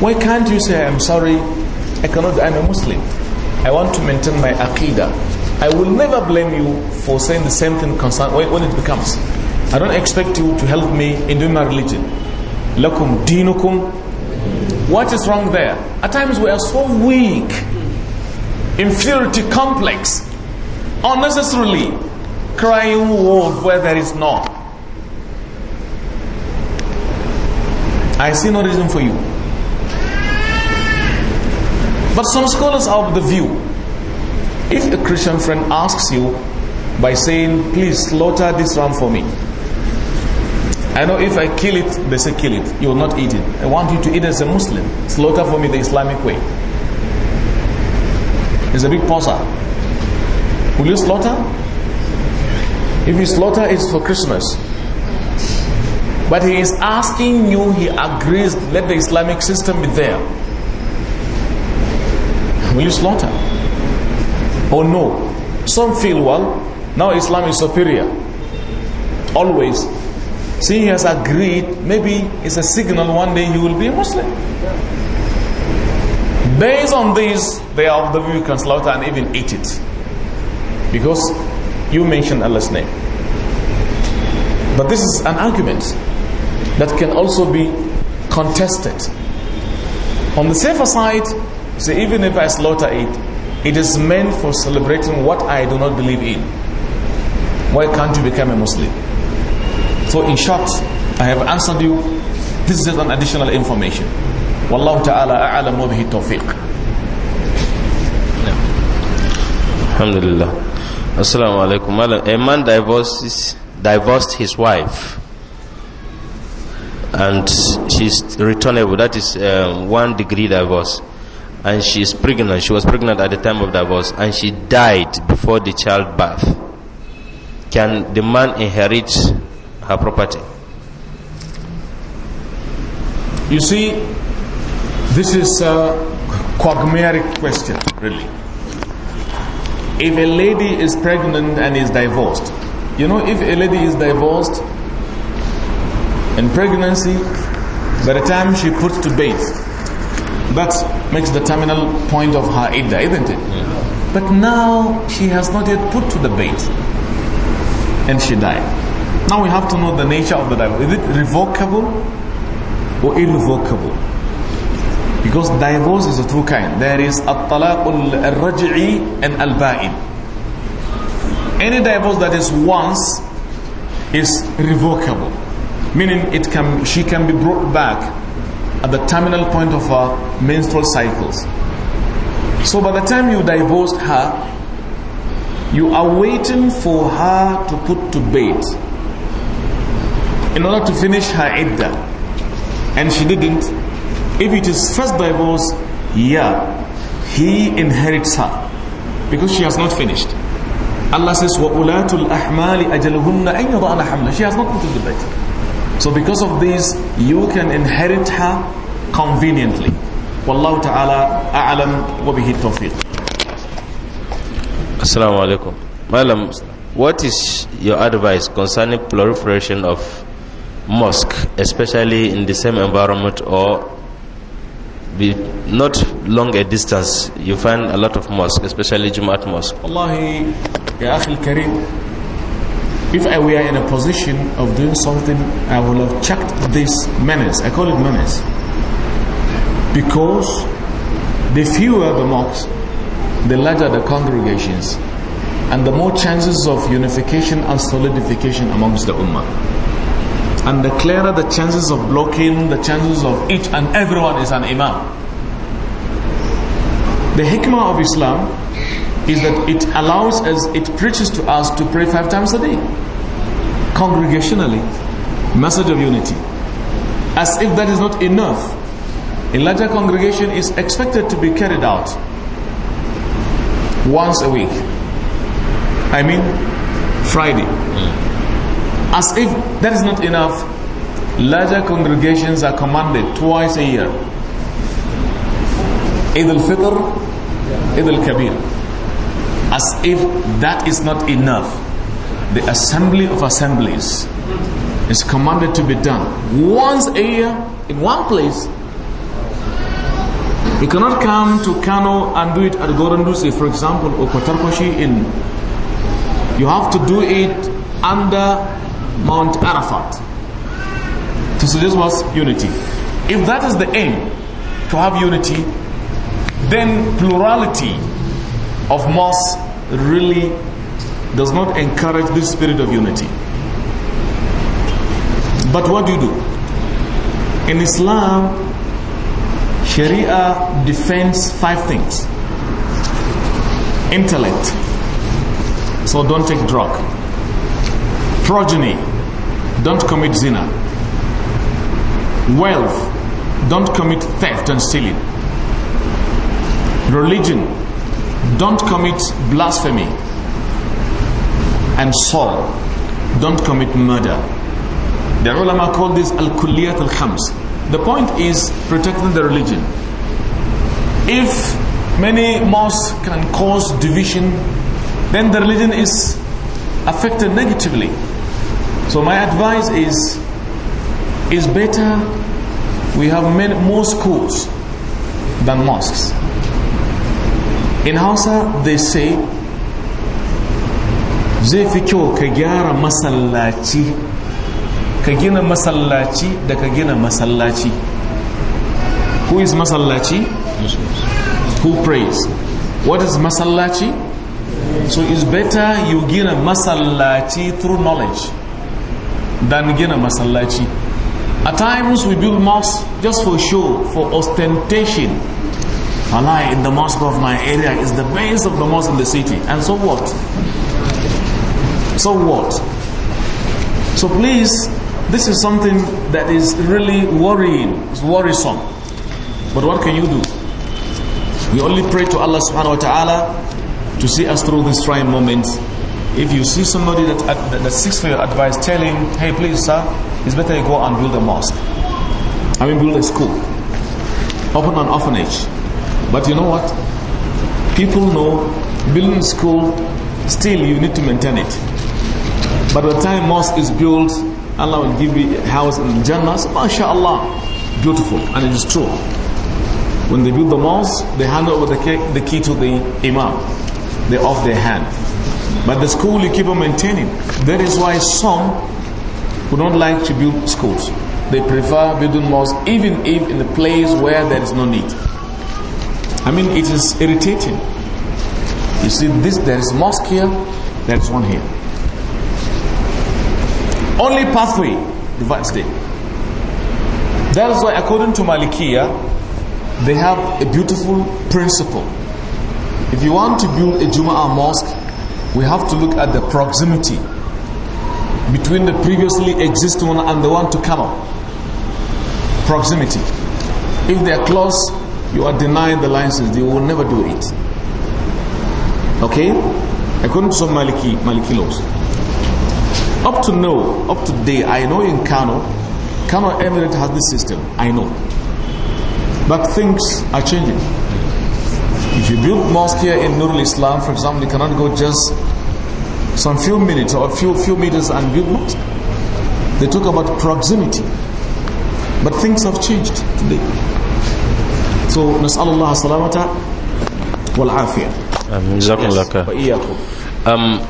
Why can't you say, I'm sorry, I cannot, I'm a Muslim. I want to maintain my aqidah. I will never blame you for saying the same thing concern, when it becomes. I don't expect you to help me in doing my religion. Lakum dinukum. What is wrong there? At times we are so weak, inferiority complex, unnecessarily crying wolf where there is none. I see no reason for you. But some scholars are of the view if a Christian friend asks you by saying, Please slaughter this ram for me, I know if I kill it, they say kill it. you will not eat it. I want you to eat as a Muslim. Slaughter for me the Islamic way. It's a big posa. Will you slaughter? If you slaughter, it's for Christmas. But he is asking you, he agrees, let the Islamic system be there. Will you slaughter? Or oh, no? Some feel, well, now Islam is superior. Always See, he has agreed. Maybe it's a signal one day you will be a Muslim. Based on this, they are of the view you can slaughter and even eat it. Because you mentioned Allah's name. But this is an argument that can also be contested. On the safer side, say even if I slaughter it, it is meant for celebrating what I do not believe in. Why can't you become a Muslim? So in short, I have answered you. This is just an additional information. Wallahu ta'ala a'alam wa bihi tawfiq. Alhamdulillah. Assalamu alaikum. A man divorces, divorced his wife and she's returnable. That is um, one degree divorce. And she's pregnant. She was pregnant at the time of divorce and she died before the childbirth. Can the man inherit her property. You see, this is a quagmire question, really. If a lady is pregnant and is divorced, you know, if a lady is divorced in pregnancy, by the time she puts to bed, that makes the terminal point of her idda, isn't it? Yeah. But now she has not yet put to the bed, and she died. Now we have to know the nature of the divorce. Is it revocable or irrevocable? Because divorce is a two kind. There is al-talaq al-raj'i and al-ba'in. Any divorce that is once is revocable. Meaning it can she can be brought back at the terminal point of her menstrual cycles. So by the time you divorced her, you are waiting for her to put to bed in order to finish her iddah. And she didn't. If it is first divorce, yeah, he inherits her. Because she has not finished. Allah says, "Wa ulatul ahmali أَجَلُهُنَّ أَنْ يَضَعْنَ حَمْلًا She has not put the bed. So because of this, you can inherit her conveniently. والله تعالى أعلم وبه التوفيق السلام عليكم Ma'am, what is your advice concerning proliferation of mosque, especially in the same environment or be not long a distance, you find a lot of mosque, especially Jumat mosque. Wallahi, Ya Akhil if I were in a position of doing something, I would have checked this menace. I call it menace. Because the fewer the mosques, the larger the congregations, and the more chances of unification and solidification amongst the ummah. And the clearer the chances of blocking, the chances of each and everyone is an imam. The hikmah of Islam is that it allows us, it preaches to us to pray five times a day. Congregationally. Message of unity. As if that is not enough. A larger congregation is expected to be carried out once a week. I mean, Friday. As if that is not enough, larger congregations are commanded twice a year. Eid al-Fitr, Eid al-Kabir. As if that is not enough, the assembly of assemblies is commanded to be done once a year in one place. You cannot come to Kano and do it at Gorandusi, for example, or Kwatarkoshi in. You have to do it under Mount Arafat to suggest was unity. If that is the aim, to have unity, then plurality of mosques really does not encourage this spirit of unity. But what do you do? In Islam, Sharia defends five things. Intellect. So don't take drug. Progeny don't commit zina. Wealth, don't commit theft and stealing. Religion, don't commit blasphemy. And soul, don't commit murder. The ulama call this al-kulliyat al-khams. The point is protecting the religion. If many mosques can cause division, then the religion is affected negatively. So my advice is, it's better we have many, more schools than mosques. In Hausa, they say, zai fi kyau ka gyara masallaci ka masallaci da kagina gina masallaci who is masallaci who prays what is masallaci so it's better you gain a masallaci through knowledge than gina masallaci at times we build mosques just for show for ostentation Allah in the mosque of my area is the base of the mosque in the city and so what so what so please this is something that is really worrying it's worrisome but what can you do We only pray to Allah subhanahu wa ta'ala to see us through this trying moment if you see somebody that, that, that seeks for your advice, tell him, hey, please, sir, it's better you go and build a mosque. I mean, build a school. Open an orphanage. But you know what? People know building a school, still you need to maintain it. But by the time mosque is built, Allah will give you a house in Jannah. So, MashaAllah. Beautiful. And it is true. When they build the mosque, they hand over the key, the key to the imam. They off their hand. But the school you keep on maintaining. That is why some who don't like to build schools. They prefer building mosques even if in a place where there is no need. I mean, it is irritating. You see, this there is mosque here, there is one here. Only pathway divides them. That is why, according to Malikiya, they have a beautiful principle. If you want to build a Jumu'ah mosque, we have to look at the proximity between the previously existing one and the one to come up. Proximity. If they are close, you are denied the license. They will never do it. Okay? According to some Maliki, Maliki laws. Up to now, up to today, I know in Kano, Kano Emirate has this system. I know. But things are changing. If you build mosque here in Nurul Islam, for example, you cannot go just some few minutes or a few few meters and build mosque. They talk about proximity. But things have changed today. So nas'alullah salamata wal afiyah. Um, um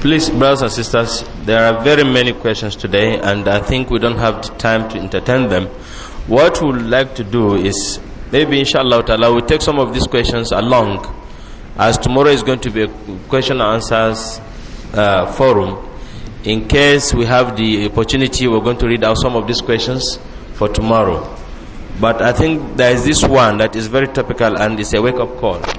please brothers and sisters, there are very many questions today and I think we don't have time to entertain them. What we would like to do is Maybe inshallah we'll take some of these questions along as tomorrow is going to be a question and answers uh, forum. In case we have the opportunity, we're going to read out some of these questions for tomorrow. But I think there is this one that is very topical and it's a wake up call. Okay.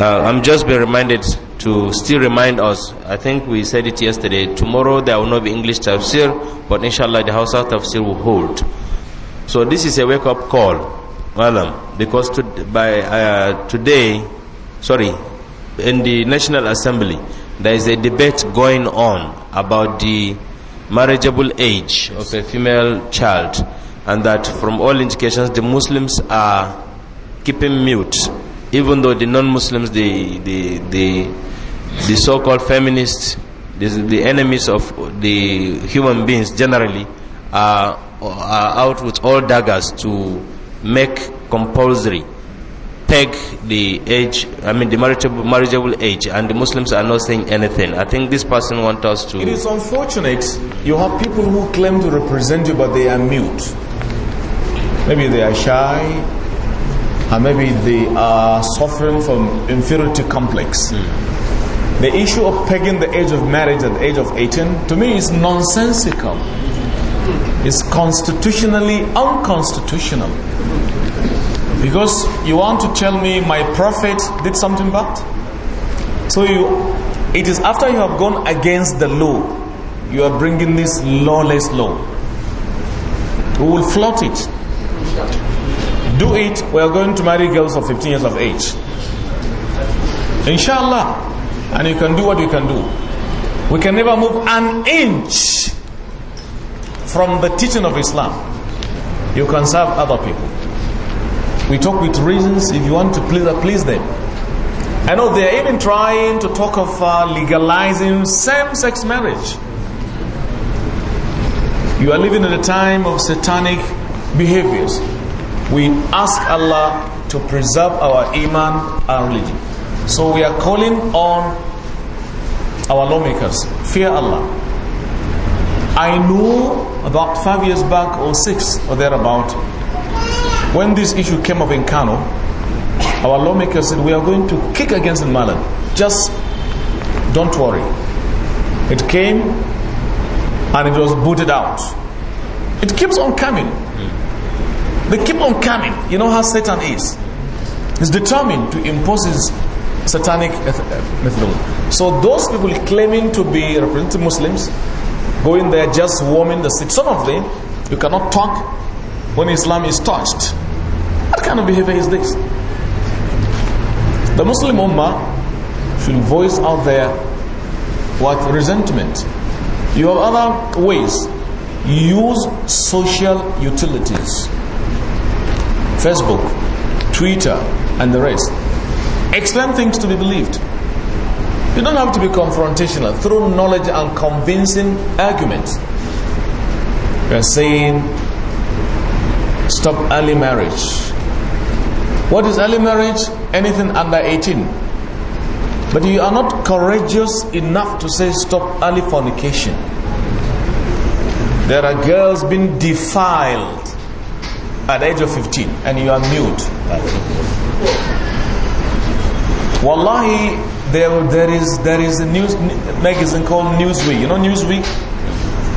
Uh, I'm just being reminded to still remind us, I think we said it yesterday, tomorrow there will not be English tafsir, but inshallah the House of tafsir will hold. So this is a wake-up call, Malam, because to, by uh, today, sorry, in the National Assembly, there is a debate going on about the marriageable age of a female child and that from all indications the Muslims are keeping mute even though the non-Muslims, the the the, the so-called feminists, the, the, enemies of the human beings generally, are, are out with all daggers to make compulsory peg the age, I mean the marriageable, marriageable age, and the Muslims are not saying anything. I think this person wants us to. It is unfortunate you have people who claim to represent you, but they are mute. Maybe they are shy, and maybe they are suffering from inferiority complex. Mm. The issue of pegging the age of marriage at the age of 18, to me, is nonsensical. It's constitutionally unconstitutional. Because you want to tell me my prophet did something bad? So you, it is after you have gone against the law, you are bringing this lawless law. Who will flout it? do it, we are going to marry girls of 15 years of age. Inshallah. And you can do what you can do. We can never move an inch from the teaching of Islam. You can serve other people. We talk with reasons. If you want to please, please them. I know they are even trying to talk of uh, legalizing same-sex marriage. You are living in a time of satanic behaviors we ask Allah to preserve our iman and religion. So we are calling on our lawmakers, fear Allah. I know about five years back or six or thereabout, when this issue came up in Kano, our lawmakers said we are going to kick against the Malan. Just don't worry. It came and it was booted out. It keeps on coming. They keep on coming. You know how Satan is. He's determined to impose his satanic uh, methodology. So those people claiming to be representing Muslims, going there just warming the seat. Some of them, you cannot talk when Islam is touched. What kind of behavior is this? The Muslim Ummah should voice out their what resentment. You have other ways. Use social utilities Facebook, Twitter, and the rest. Explain things to be believed. You don't have to be confrontational through knowledge and convincing arguments. We are saying stop early marriage. What is early marriage? Anything under 18. But you are not courageous enough to say stop early fornication. There are girls being defiled at the age of 15 and you are mute. Wallahi, there, there is there is a news magazine called Newsweek. You know Newsweek?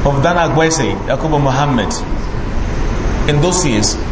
Of Dan Agwese, Yakuba Muhammad. In those years,